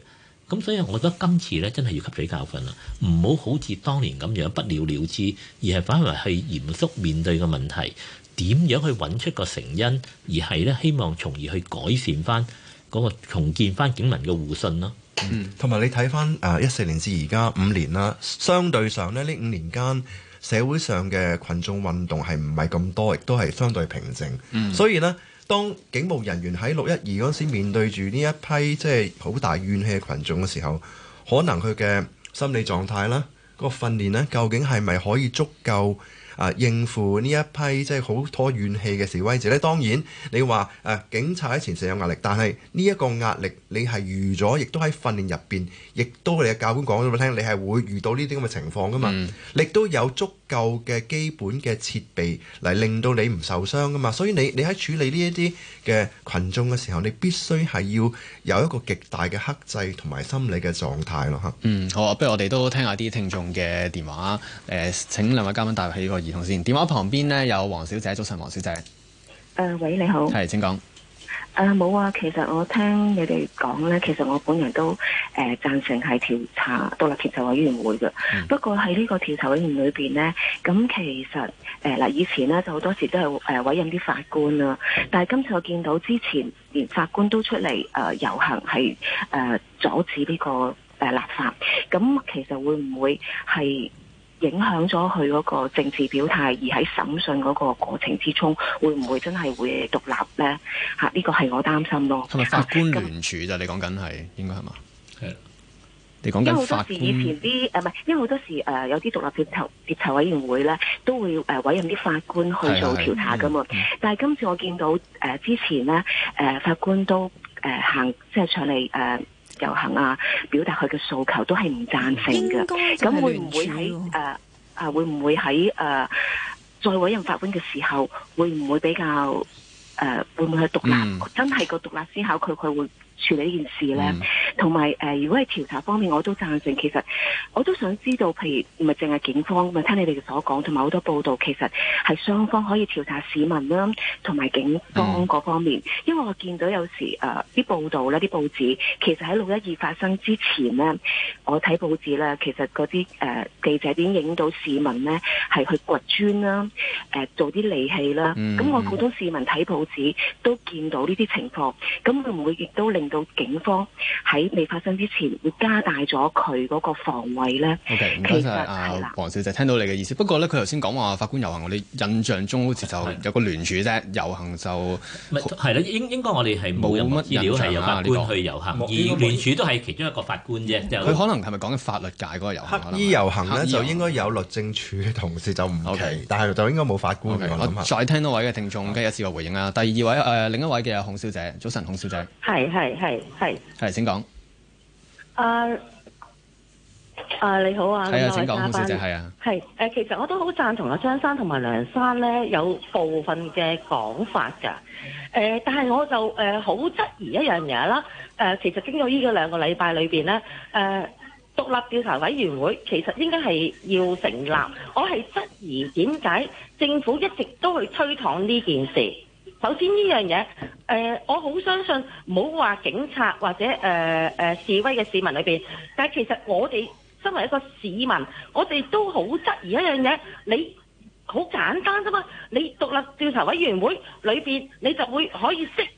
咁所以，我覺得今次咧真係要吸取教訓啦，唔好好似當年咁樣不了了之，而係反而係嚴肅面對嘅問題，點樣去揾出個成因，而係咧希望從而去改善翻嗰個重建翻警民嘅互信咯。嗯，同埋你睇翻誒一四年至而家五年啦，相對上咧呢五年間社會上嘅群眾運動係唔係咁多，亦都係相對平靜。嗯，所以呢。當警務人員喺六一二嗰時面對住呢一批即係好大怨氣嘅羣眾嘅時候，可能佢嘅心理狀態啦、個訓練咧，究竟係咪可以足夠啊應付呢一批即係好多怨氣嘅示威者咧？當然，你話誒警察喺前線有壓力，但係呢一個壓力你係預咗，亦都喺訓練入邊，亦都你嘅教官講咗俾我聽，你係會遇到呢啲咁嘅情況㗎嘛，亦都有足。夠嘅基本嘅設備嚟令到你唔受傷噶嘛，所以你你喺處理呢一啲嘅群眾嘅時候，你必須係要有一個極大嘅克制同埋心理嘅狀態咯嚇。嗯，好，不如我哋都聽下啲聽眾嘅電話。誒、呃，請兩位嘉賓帶入去個耳筒先。電話旁邊呢，有黃小姐，早晨，黃小姐。誒，餵，你好。係，請講。誒冇啊，啊，其實我聽你哋講咧，其實我本人都誒贊、呃、成係調查獨立調查委員會嘅。嗯、不過喺呢個調查委員裏邊咧，咁、嗯、其實誒嗱、呃、以前咧就好多時都係誒、呃、委任啲法官啦。但係今次我見到之前連法官都出嚟誒遊行係誒、呃、阻止呢、這個誒、呃、立法，咁、嗯、其實會唔會係？影響咗佢嗰個政治表態，而喺審訊嗰個過程之中，會唔會真係會獨立呢？嚇、啊，呢個係我擔心咯。咁法官聯署就、嗯、你講緊係，應該係嘛？係。你講緊因為好多時以前啲誒唔係，因為好多時誒有啲獨立調查調查委員會呢，都會誒委任啲法官去做調查噶嘛。的嗯嗯、但係今次我見到誒、呃、之前呢，誒、呃、法官都誒、呃、行即係出嚟誒。呃遊行啊，表達佢嘅訴求都係唔贊成嘅，咁會唔會喺誒誒會唔會喺誒再委任法官嘅時候，會唔會比較誒、呃、會唔會去獨立？嗯、真係個獨立思考，佢佢會。處理呢件事咧，同埋誒，如果係調查方面，我都贊成。其實我都想知道，譬如唔係淨係警方，咪聽你哋所講，同埋好多報道，其實係雙方可以調查市民啦，同埋警方嗰方面。嗯、因為我見到有時誒啲、呃、報道咧，啲報紙其實喺六一二發生之前咧，我睇報紙咧，其實嗰啲誒記者點影到市民咧係去掘磚啦，誒、呃、做啲利器啦。咁、嗯、我好多市民睇報紙都見到呢啲情況，咁會唔會亦都令到警方喺未發生之前，要加大咗佢嗰個防衞咧。O Okay , K，其實係啦，啊、黃小姐聽到你嘅意思。不過咧，佢頭先講話法官遊行，我哋印象中好似就有個聯署啫，的遊行就係啦。應應該我哋係冇乜印象啦、啊。呢、這個聯署都係其中一個法官啫。佢、嗯、就可能係咪講緊法律界嗰個遊行？黑衣遊行呢？就應該有律政處嘅同事就唔奇，但係就應該冇法官。Okay, 我再聽到位嘅聽眾，跟住試個回應啦。第二位誒、呃，另一位嘅孔小姐，早晨，孔小姐，係係。係係係，請講。啊啊，你好啊，係啊，請講，康小姐，係啊，係誒、呃，其實我都好贊同阿張生同埋梁生咧，有部分嘅講法噶。誒、呃，但係我就誒好質疑一樣嘢啦。誒、呃，其實經過呢個兩個禮拜裏邊咧，誒、呃，獨立調查委員會其實應該係要成立。我係質疑點解政府一直都去推搪呢件事？首先呢樣嘢，誒、呃，我好相信，唔好話警察或者誒誒、呃呃、示威嘅市民裏邊，但係其實我哋身為一個市民，我哋都好質疑一樣嘢，你好簡單啫嘛，你獨立調查委員會裏邊，你就會可以釋，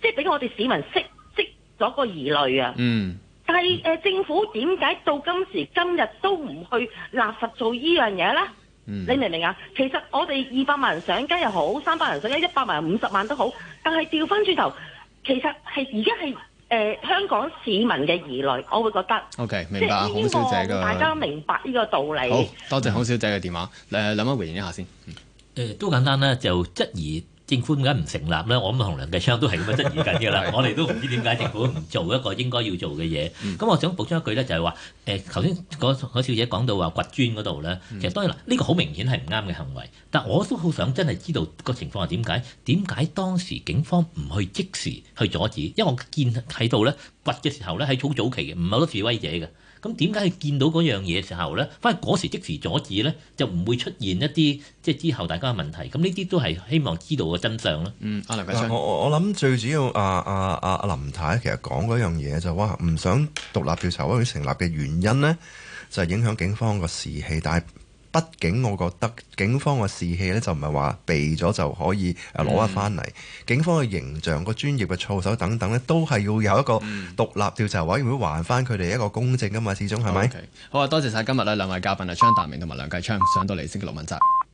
即係俾我哋市民釋釋咗個疑慮啊。嗯。但係、呃、政府點解到今時今日都唔去落實做呢樣嘢咧？你明唔明啊？其實我哋二百萬人上街又好，三百萬人上街，一百萬、五十萬都好。但係調翻轉頭，其實係而家係誒香港市民嘅疑慮，我會覺得。OK. 明白。好小姐，大家明白呢個道理。好，多謝孔小姐嘅電話。誒、嗯，兩位回應一下先。誒、呃，都簡單啦，就質疑。政府梗係唔成立啦，我諗同梁繼昌都係咁樣質疑緊嘅啦， 我哋都唔知點解政府唔做一個應該要做嘅嘢。咁 我想補充一句咧，就係話誒頭先嗰小姐講到話掘磚嗰度咧，其實當然啦，呢個好明顯係唔啱嘅行為。但我都好想真係知道個情況係點解？點解當時警方唔去即時去阻止？因為我見睇到咧掘嘅時候咧，係好早期嘅，唔係好多示威者嘅。咁點解佢見到嗰樣嘢時候咧，反而嗰時即時阻止咧，就唔會出現一啲即係之後大家嘅問題。咁呢啲都係希望知道個真相咧。嗯，阿我我我諗最主要，阿阿阿林太其實講嗰樣嘢就話、是、唔想獨立調查，佢成立嘅原因咧就係、是、影響警方個士氣，但係。畢竟，我覺得警方嘅士氣咧就唔係話避咗就可以攞返嚟，警方嘅形象、個專業嘅措手等等咧，都係要有一個獨立調查委員會還翻佢哋一個公正嘅嘛，始終係咪？好啊，多謝晒今日咧兩位嘉賓啊，張達明同埋梁繼昌上到嚟星期六問責。